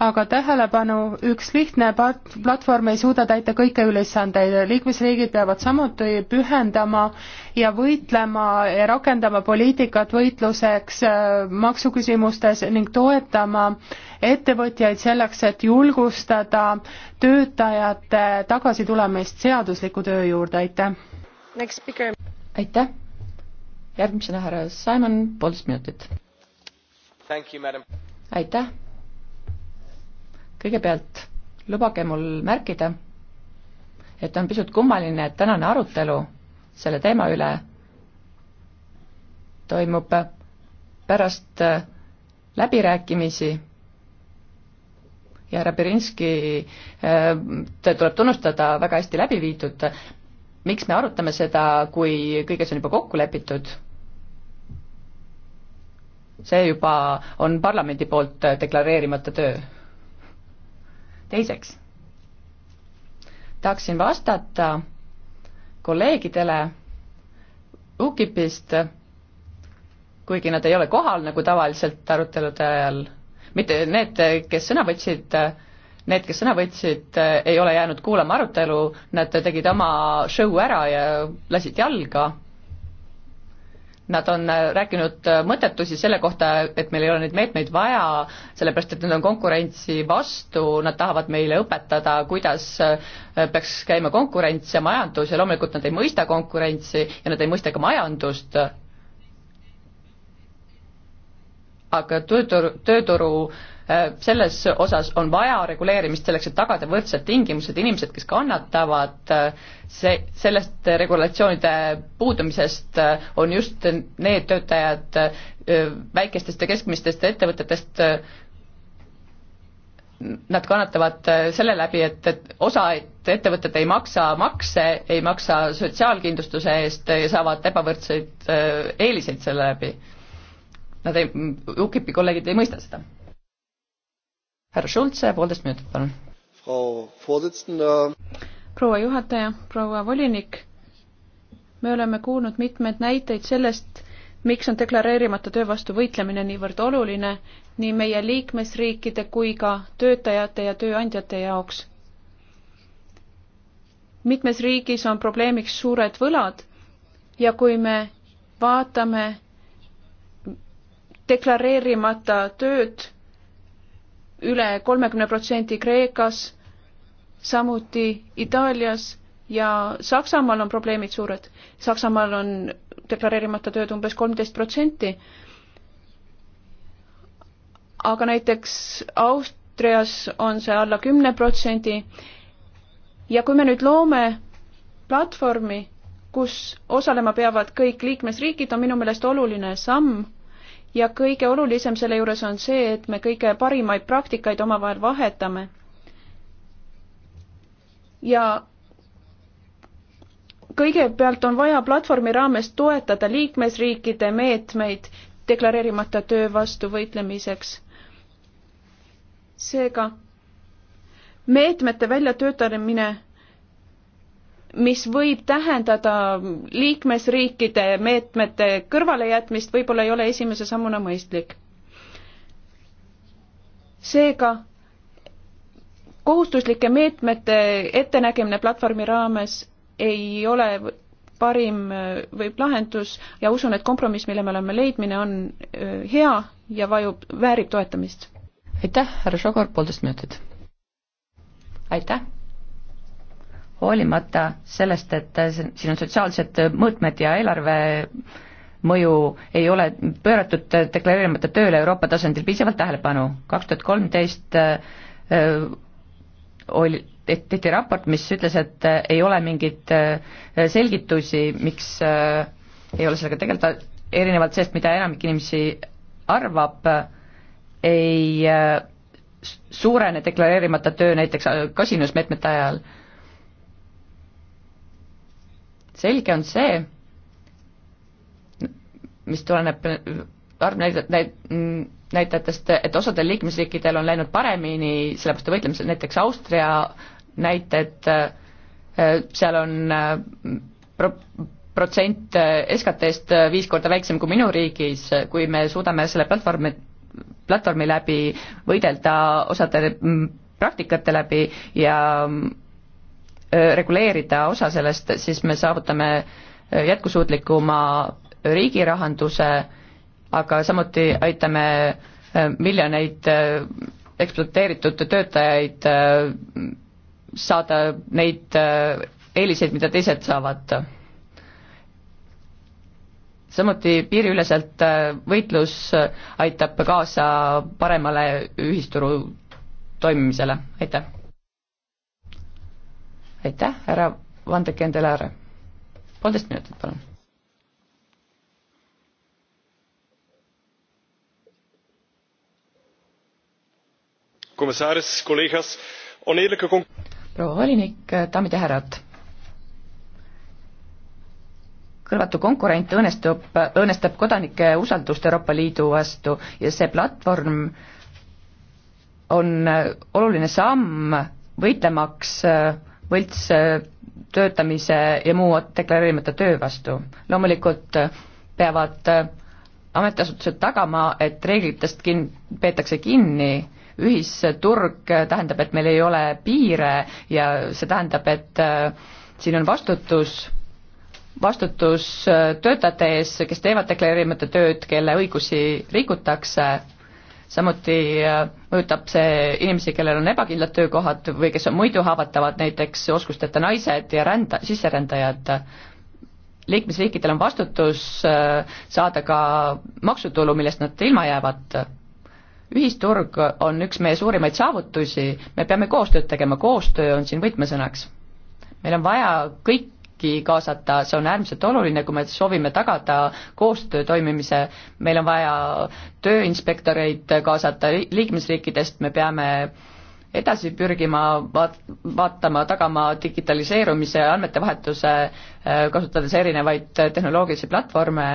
Speaker 1: aga tähelepanu, üks lihtne pat-, platvorm ei suuda täita kõiki ülesandeid, liikmesriigid peavad samuti pühendama ja võitlema ja rakendama poliitikat võitluseks äh, maksuküsimustes ning toetama ettevõtjaid selleks, et julgustada töötajate tagasitulemist seadusliku töö juurde, aitäh!
Speaker 3: aitäh! järgmisena härra Simon, poolteist minutit. aitäh! kõigepealt lubage mul märkida, et on pisut kummaline, et tänane arutelu selle teema üle toimub pärast äh, läbirääkimisi ja härra Berinski äh, tuleb tunnustada väga hästi läbi viidud, miks me arutame seda, kui kõiges on juba kokku lepitud? see juba on parlamendi poolt deklareerimata töö teiseks tahaksin vastata kolleegidele UKIP-ist, kuigi nad ei ole kohal, nagu tavaliselt arutelude ajal, mitte need, kes sõna võtsid, need, kes sõna võtsid, ei ole jäänud kuulama arutelu, nad tegid oma show ära ja lasid jalga Nad on äh, rääkinud äh, mõttetusi selle kohta, et meil ei ole neid meetmeid vaja, sellepärast et nad on konkurentsi vastu, nad tahavad meile õpetada, kuidas äh, peaks käima konkurents ja majandus ja loomulikult nad ei mõista konkurentsi ja nad ei mõista ka majandust, aga tööturu, tööturu Äh, selles osas on vaja reguleerimist selleks, et tagada võrdsed tingimused, inimesed, kes kannatavad, äh, see, sellest regulatsioonide puudumisest äh, on just need töötajad väikestest ja keskmistest ettevõtetest, nad kannatavad selle läbi, et, et osa ettevõtted ei maksa makse, ei maksa sotsiaalkindlustuse eest ja saavad ebavõrdseid eeliseid selle läbi. Nad ei, UKIP-i kolleegid ei mõista seda härra Schulze, poolteist minutit, palun.
Speaker 2: proua juhataja, proua volinik, me oleme kuulnud mitmeid näiteid sellest, miks on deklareerimata töö vastu võitlemine niivõrd oluline nii meie liikmesriikide kui ka töötajate ja tööandjate jaoks. mitmes riigis on probleemiks suured võlad ja kui me vaatame deklareerimata tööd üle kolmekümne protsendi Kreekas, samuti Itaalias ja Saksamaal on probleemid suured. Saksamaal on deklareerimata tööd umbes kolmteist protsenti. aga näiteks Austrias on see alla kümne protsendi. ja kui me nüüd loome platvormi, kus osalema peavad kõik liikmesriigid, on minu meelest oluline samm ja kõige olulisem selle juures on see, et me kõige parimaid praktikaid omavahel vahetame. ja kõigepealt on vaja platvormi raames toetada liikmesriikide meetmeid deklareerimata töö vastu võitlemiseks. seega meetmete väljatöötamine mis võib tähendada liikmesriikide meetmete kõrvalejätmist, võib-olla ei ole esimese sammuna mõistlik. seega kohustuslike meetmete ettenägemine platvormi raames ei ole parim äh, võib lahendus ja usun, et kompromiss, mille me oleme leidmine, on äh, hea ja
Speaker 3: vajub, väärib toetamist. aitäh, härra Šogor, poolteist minutit. aitäh hoolimata sellest, et siin on sotsiaalsed mõõtmed ja eelarve mõju ei ole pööratud deklareerimata tööle Euroopa tasandil piisavalt tähelepanu. kaks tuhat kolmteist äh, äh, oli, tehti raport, mis ütles, et äh, ei ole mingeid selgitusi, miks ei ole sellega tegeleda, erinevalt sellest, mida enamik inimesi arvab, ei suurene deklareerimata töö näiteks kasinusmeetmete ajal selge on see, mis tuleneb arvnäidet-, näitajatest, et osadel liikmesriikidel on läinud paremini sellepärast võitlemisel, näiteks Austria näited, seal on pro-, protsent SKT-st viis korda väiksem kui minu riigis, kui me suudame selle platvormi, platvormi läbi võidelda osade praktikate läbi ja reguleerida osa sellest, siis me saavutame jätkusuutlikuma riigirahanduse, aga samuti aitame miljoneid ekspluateeritud töötajaid saada neid eeliseid, mida teised saavad. samuti piiriüleselt võitlus aitab kaasa paremale ühisturu toimimisele, aitäh! aitäh, härra Vandekendelaar. poolteist minutit, palun. commissaris, kollegas, oneerlijke kon-. proua volinik, daamid ja härrad. kõlvatu konkurent õõnestub, õõnestab kodanike usaldust Euroopa Liidu vastu ja see platvorm on oluline samm võitlemaks äh, võlts äh, töötamise ja muu deklareerimata töö vastu. loomulikult äh, peavad äh, ametiasutused tagama, et reeglitest kin-, peetakse kinni, ühisturg tähendab, et meil ei ole piire ja see tähendab, et siin on vastutus, vastutus töötajate ees, kes teevad deklareerimata tööd, kelle õigusi rikutakse samuti äh, mõjutab see inimesi, kellel on ebakindlad töökohad või kes on muidu haavatavad, näiteks oskusteta naised ja rända, sisserändajad, liikmesriikidel on vastutus äh, saada ka maksutulu, millest nad ilma jäävad. ühisturg on üks meie suurimaid saavutusi, me peame koostööd tegema, koostöö on siin võtmesõnaks. meil on vaja kõik kõiki kaasata, see on äärmiselt oluline, kui me soovime tagada koostöö toimimise, meil on vaja tööinspektoreid kaasata liikmesriikidest, me peame edasi pürgima, vaat-, vaatama, tagama digitaliseerumise, andmetevahetuse, äh, kasutades erinevaid tehnoloogilisi platvorme,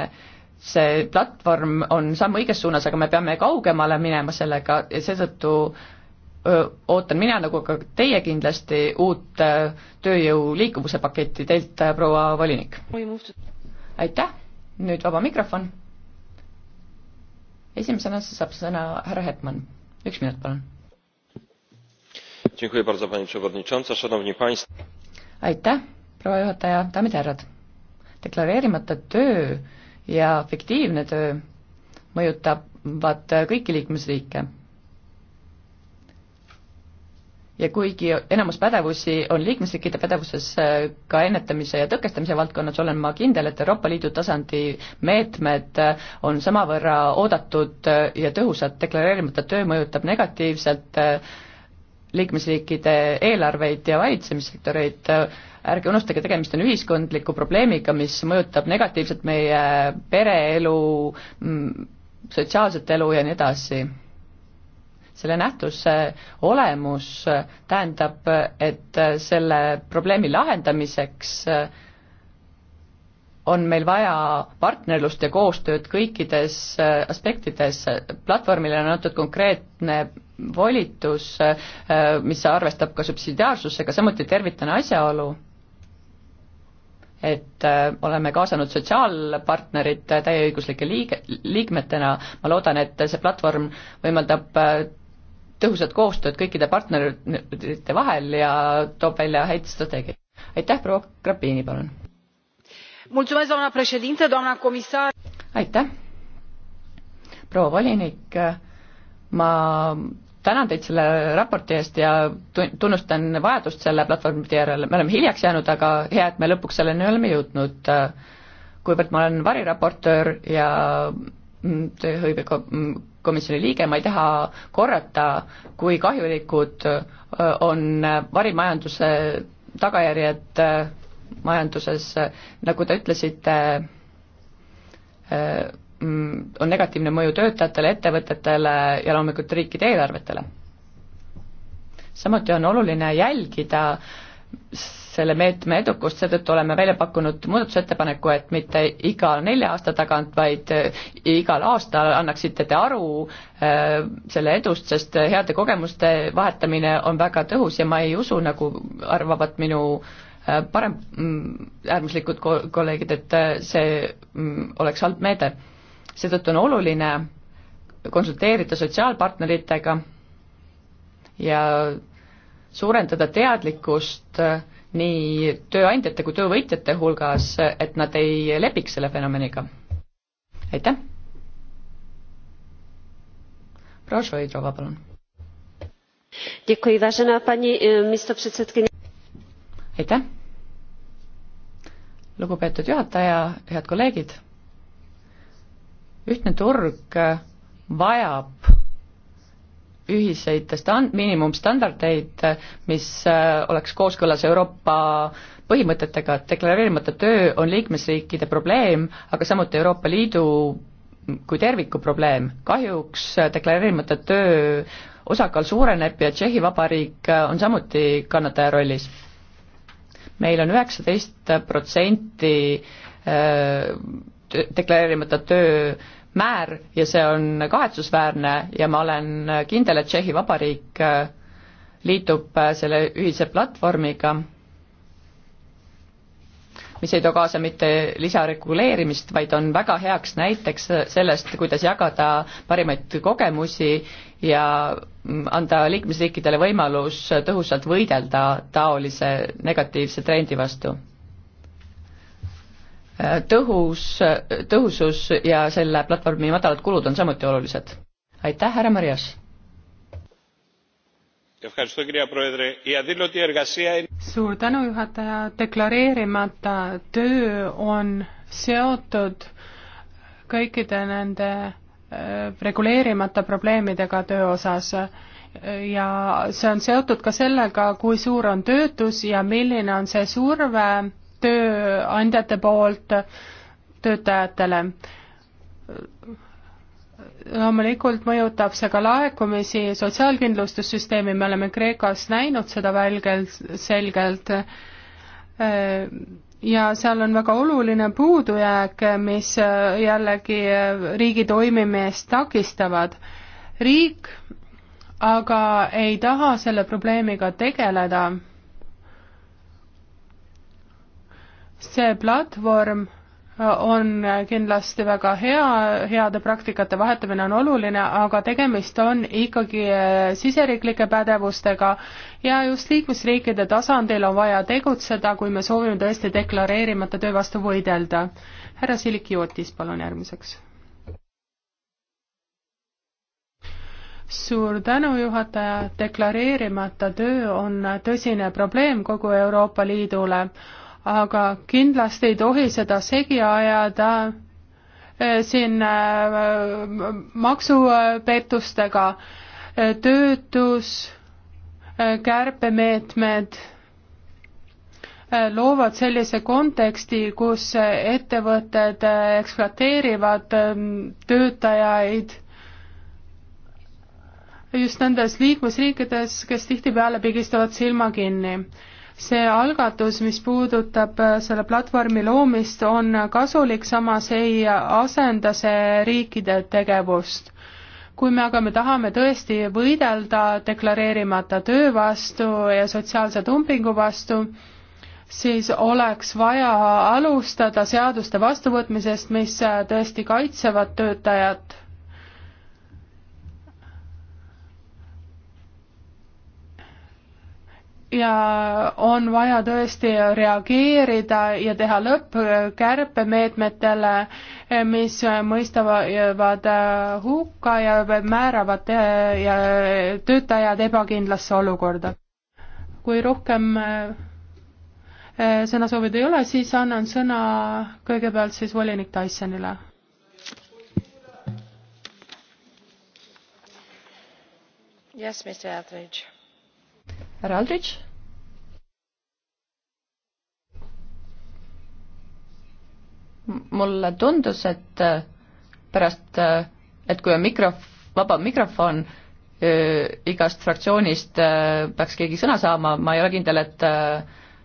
Speaker 3: see platvorm on samm õiges suunas, aga me peame kaugemale minema sellega ja seetõttu ootan mina nagu ka teie kindlasti uut tööjõu liikuvuse paketti teilt, proua volinik. aitäh, nüüd vaba mikrofon. esimesena saab sõna härra Hetman, üks minut, palun. aitäh, proua juhataja, daamid ja härrad. deklareerimata töö ja fiktiivne töö mõjutavad kõiki liikmesriike ja kuigi enamus pädevusi on liikmesriikide pädevuses äh, ka ennetamise ja tõkestamise valdkonnas, olen ma kindel, et Euroopa Liidu tasandi meetmed äh, on samavõrra oodatud äh, ja tõhusad, deklareerimata töö mõjutab negatiivselt liikmesriikide eelarveid ja valitsemissektoreid, ärge unustage, tegemist on ühiskondliku probleemiga, mis mõjutab negatiivselt meie pereelu, mm, sotsiaalset elu ja nii edasi selle nähtuse olemus tähendab, et selle probleemi lahendamiseks on meil vaja partnerlust ja koostööd kõikides aspektides, platvormile on antud konkreetne volitus, mis arvestab ka subsidiaarsusega, samuti tervitan asjaolu, et oleme kaasanud sotsiaalpartnerid täieõiguslike liige, liikmetena, ma loodan, et see platvorm võimaldab tõhusat koostööd kõikide partnerite vahel ja toob välja häid strateegiaid. aitäh, proua Grapini, palun. aitäh, proua volinik, ma tänan teid selle raporti eest ja tunnustan vajadust selle platvormide järele, me oleme hiljaks jäänud, aga hea, et me lõpuks selleni oleme jõudnud. kuivõrd ma olen variraportöör ja tööhõive komisjoni liige, ma ei taha korrata, kui kahjulikud on varimajanduse tagajärjed majanduses, nagu te ütlesite, mm, on negatiivne mõju töötajatele, ettevõtetele ja loomulikult riikide eelarvetele. samuti on oluline jälgida äh, selle meetme edukust, seetõttu oleme välja pakkunud muudatusettepaneku, et mitte iga nelja aasta tagant, vaid eh, igal aastal annaksite te aru äh, selle edust, sest heade kogemuste vahetamine on väga tõhus ja ma ei usu, nagu arvavad minu äh, parem, mm, äärmuslikud ko-, kolleegid, et see mm, oleks halb meede. seetõttu on oluline konsulteerida sotsiaalpartneritega ja suurendada teadlikkust äh, nii tööandjate kui töövõitjate hulgas, et nad ei lepiks selle fenomeniga. aitäh! proua Šoidrova, palun! Eh, aitäh! lugupeetud juhataja, head kolleegid! ühtne turg eh, vajab ühiseid stand-, miinimumstandardeid, mis äh, oleks kooskõlas Euroopa põhimõtetega, et deklareerimata töö on liikmesriikide probleem, aga samuti Euroopa Liidu kui terviku probleem. kahjuks äh, deklareerimata töö osakaal suureneb ja Tšehhi Vabariik äh, on samuti kannataja rollis. meil on üheksateist protsenti deklareerimata töö määr ja see on kahetsusväärne ja ma olen kindel, et Tšehhi Vabariik äh, liitub äh, selle ühise platvormiga, mis ei too kaasa mitte lisareguleerimist, vaid on väga heaks näiteks sellest, kuidas jagada parimaid kogemusi ja mm, anda liikmesriikidele võimalus tõhusalt võidelda taolise negatiivse trendi vastu tõhus, tõhusus ja selle platvormi madalad kulud on samuti olulised. aitäh, härra Marias!
Speaker 1: suur tänu, juhataja, deklareerimata töö on seotud kõikide nende äh, reguleerimata probleemidega töö osas ja see on seotud ka sellega, kui suur on töötus ja milline on see surve tööandjate poolt töötajatele. loomulikult mõjutab see ka laekumisi sotsiaalkindlustussüsteemi, me oleme Kreekas näinud seda välgelt, selgelt, ja seal on väga oluline puudujääk, mis jällegi riigi toimimist takistavad. riik aga ei taha selle probleemiga tegeleda see platvorm äh, on kindlasti väga hea, heade praktikate vahetamine on oluline, aga tegemist on ikkagi äh, siseriiklike pädevustega ja just liikmesriikide tasandil on vaja tegutseda, kui me soovime tõesti deklareerimata töö vastu võidelda. härra Silik Jootis, palun järgmiseks. suur tänu, juhataja, deklareerimata töö on tõsine probleem kogu Euroopa Liidule aga kindlasti ei tohi seda segi ajada eh, siin eh, maksupettustega, eh, töötus, kärpemeetmed loovad sellise konteksti, kus ettevõtted ekspluateerivad töötajaid just nendes liikmesriikides, kes tihtipeale pigistavad silma kinni see algatus, mis puudutab äh, selle platvormi loomist, on kasulik, samas ei asenda see riikide tegevust. kui me aga me tahame tõesti võidelda deklareerimata töö vastu ja sotsiaalse dumpingu vastu, siis oleks vaja alustada seaduste vastuvõtmisest, mis äh, tõesti kaitsevad töötajat ja on vaja tõesti reageerida ja teha lõpp kärpemeetmetele, mis mõistavad äh, hukka ja määravad äh, ja töötajad ebakindlasse olukorda. kui rohkem äh, sõnasoovid ei ole, siis annan sõna kõigepealt siis volinik Tysonile.
Speaker 2: Yes, Mr. Etheridge
Speaker 3: härra Aldrich. mulle tundus, et äh, pärast, äh, et kui on mikrof-, vaba mikrofon, äh, igast fraktsioonist peaks keegi sõna saama, ma ei ole kindel, et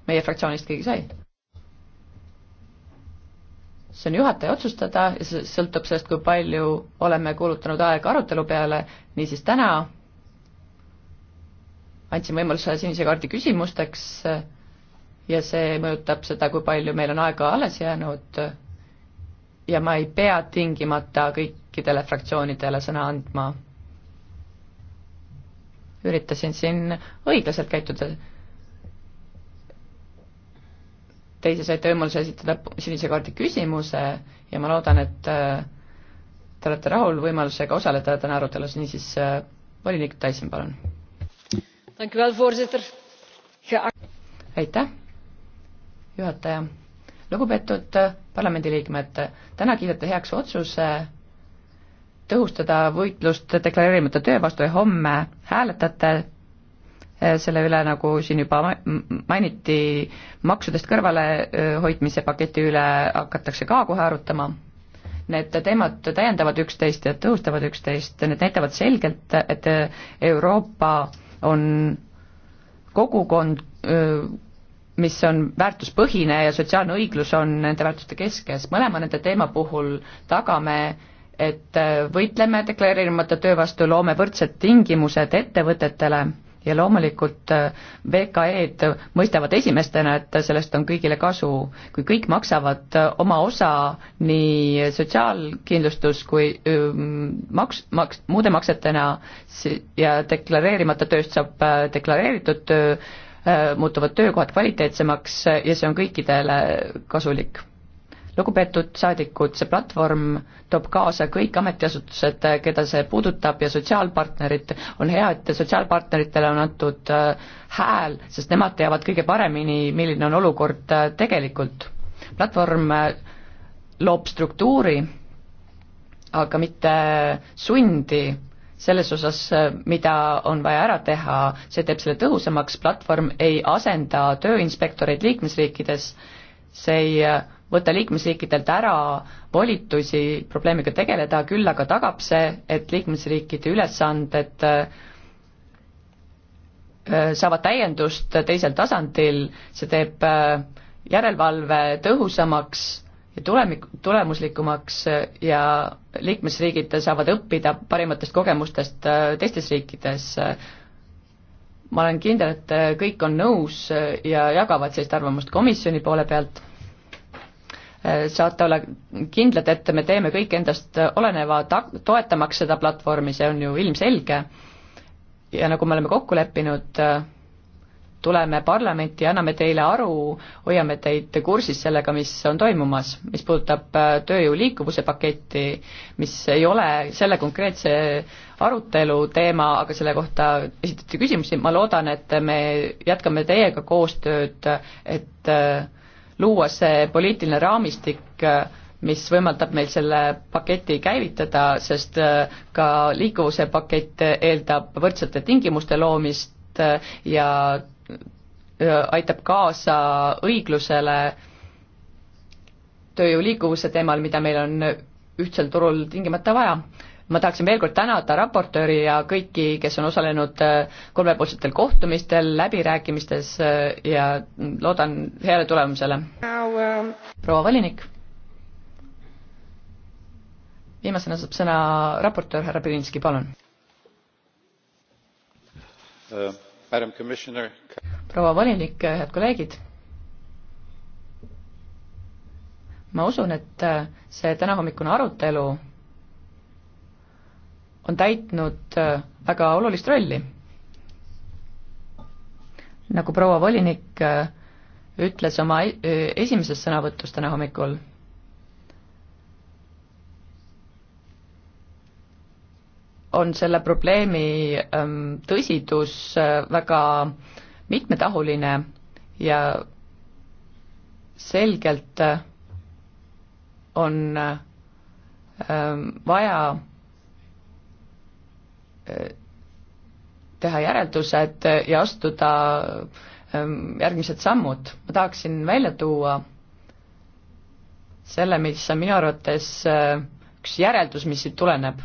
Speaker 3: meie fraktsioonist keegi sai. see on juhataja otsustada ja see sõltub sellest, kui palju oleme kulutanud aega arutelu peale, niisiis täna andsin võimaluse sinise kaardi küsimusteks ja see mõjutab seda, kui palju meil on aega alles jäänud ja ma ei pea tingimata kõikidele fraktsioonidele sõna andma. üritasin siin õiglaselt käituda. Teise saite võimaluse esitada sinise kaardi küsimuse ja ma loodan, et äh, te olete rahul võimalusega osaleda täna arutelus, niisiis äh, volinik Tyson, palun aitäh, juhataja. lugupeetud äh, parlamendiliikmed, äh, täna kiidate heaks otsuse äh, tõhustada võitlust deklareerimata töö vastu ja homme hääletate selle üle, nagu siin juba mainiti, maksudest kõrvalehoidmise paketi üle hakatakse ka kohe arutama. Need teemad täiendavad üksteist ja tõhustavad üksteist, need näitavad selgelt, et Euroopa on kogukond, mis on väärtuspõhine ja sotsiaalne õiglus on nende väärtuste keskes, mõlema nende teema puhul tagame, et võitleme deklareerimata töö vastu, loome võrdsed tingimused ettevõtetele ja loomulikult äh, VKE-d mõistavad esimestena, et sellest on kõigile kasu. kui kõik maksavad äh, oma osa nii sotsiaalkindlustus kui ähm, maks, maks, muude maksetena ja deklareerimata tööst saab äh, deklareeritud töö, muutuvad töökohad kvaliteetsemaks ja see on kõikidele kasulik lugupeetud saadikud, see platvorm toob kaasa kõik ametiasutused, keda see puudutab ja sotsiaalpartnerid, on hea, et sotsiaalpartneritele on antud äh, hääl, sest nemad teavad kõige paremini, milline on olukord äh, tegelikult. platvorm äh, loob struktuuri, aga mitte sundi selles osas, mida on vaja ära teha, see teeb selle tõhusamaks, platvorm ei asenda tööinspektoreid liikmesriikides, see ei võtta liikmesriikidelt ära volitusi probleemiga tegeleda, küll aga tagab see, et liikmesriikide ülesanded äh, äh, saavad täiendust teisel tasandil, see teeb äh, järelevalve tõhusamik, ja tulemik, tulemuslikumaks ja liikmesriigid saavad õppida parimatest kogemustest teistes riikides. ma olen kindel, et kõik on nõus ja jagavad sellist arvamust komisjoni poole pealt Äh, saate olla kindlad, et me teeme kõik endast oleneva ta-, toetamaks seda platvormi, see on ju ilmselge, ja nagu me oleme kokku leppinud, äh, tuleme parlamenti ja anname teile aru, hoiame teid kursis sellega, mis on toimumas, mis puudutab äh, tööjõu liikuvuse paketti, mis ei ole selle konkreetse arutelu teema, aga selle kohta esitati küsimusi, ma loodan, et me jätkame teiega koostööd, et äh, luua see poliitiline raamistik, äh, mis võimaldab meil selle paketi käivitada, sest äh, ka liikuvuse pakett eeldab võrdsete tingimuste loomist äh, ja aitab kaasa õiglusele tööjõu liikuvuse teemal, mida meil on ühtsel turul tingimata vaja ma tahaksin veel kord tänada raportööri ja kõiki, kes on osalenud äh, kolmepoolsetel kohtumistel, läbirääkimistes äh, ja loodan heale tulemusele. Um, proua volinik. viimasena saab sõna raportöör härra Pirinski, palun.
Speaker 2: Uh,
Speaker 3: proua volinik, äh, head kolleegid ma usun, et see tänahommikune arutelu on täitnud äh, väga olulist rolli. nagu proua volinik äh, ütles oma äh, esimeses sõnavõtus täna hommikul, on selle probleemi ähm, tõsidus väga mitmetahuline ja selgelt on ähm, vaja teha järeldused ja astuda ähm, järgmised sammud. ma tahaksin välja tuua selle, mis on minu arvates äh, üks järeldus, mis siit tuleneb.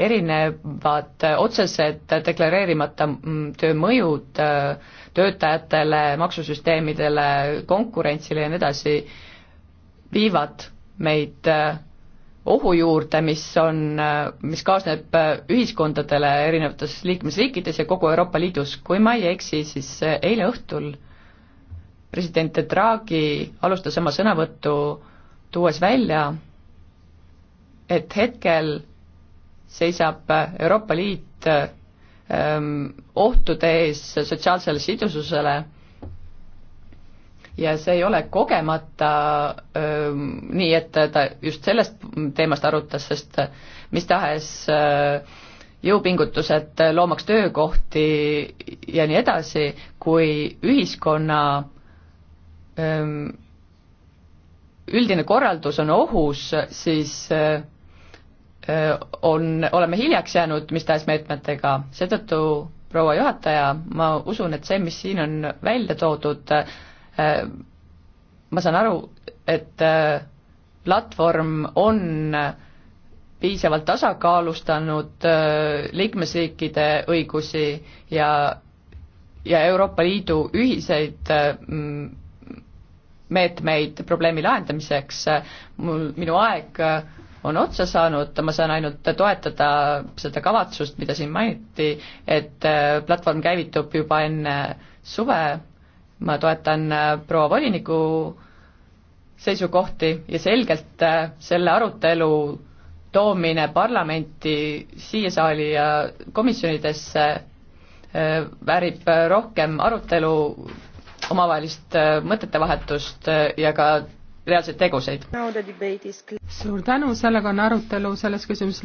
Speaker 3: erinevad äh, otsesed deklareerimata mm, töö mõjud äh, töötajatele, maksusüsteemidele, konkurentsile ja nii edasi, viivad meid ohu juurde, mis on, mis kaasneb äh, ühiskondadele erinevates liikmesriikides ja kogu Euroopa Liidus. kui ma ei eksi, siis äh, eile õhtul president Draghi alustas oma sõnavõttu tuues välja, et hetkel seisab äh, Euroopa Liit ähm, ohtude ees sotsiaalsele sidususele ja see ei ole kogemata öö, nii, et ta just sellest teemast arutas, sest mis tahes öö, jõupingutused loomaks töökohti ja nii edasi, kui ühiskonna öö, üldine korraldus on ohus, siis on, oleme hiljaks jäänud mis tahes meetmetega, seetõttu proua juhataja, ma usun, et see, mis siin on välja toodud, Äh, ma saan aru, et äh, platvorm on piisavalt tasakaalustanud äh, liikmesriikide õigusi ja, ja Euroopa Liidu ühiseid meetmeid probleemi lahendamiseks, mul, minu aeg on otsa saanud, ma saan ainult toetada seda kavatsust, mida siin mainiti, et platvorm käivitub juba enne suve ma toetan äh, proua voliniku seisukohti ja selgelt äh, selle arutelu toomine parlamenti, siia saali ja komisjonidesse äh, väärib rohkem arutelu, omavahelist mõtetevahetust ja ka reaalseid tegusid.
Speaker 1: suur tänu, sellega on arutelu selles küsimuses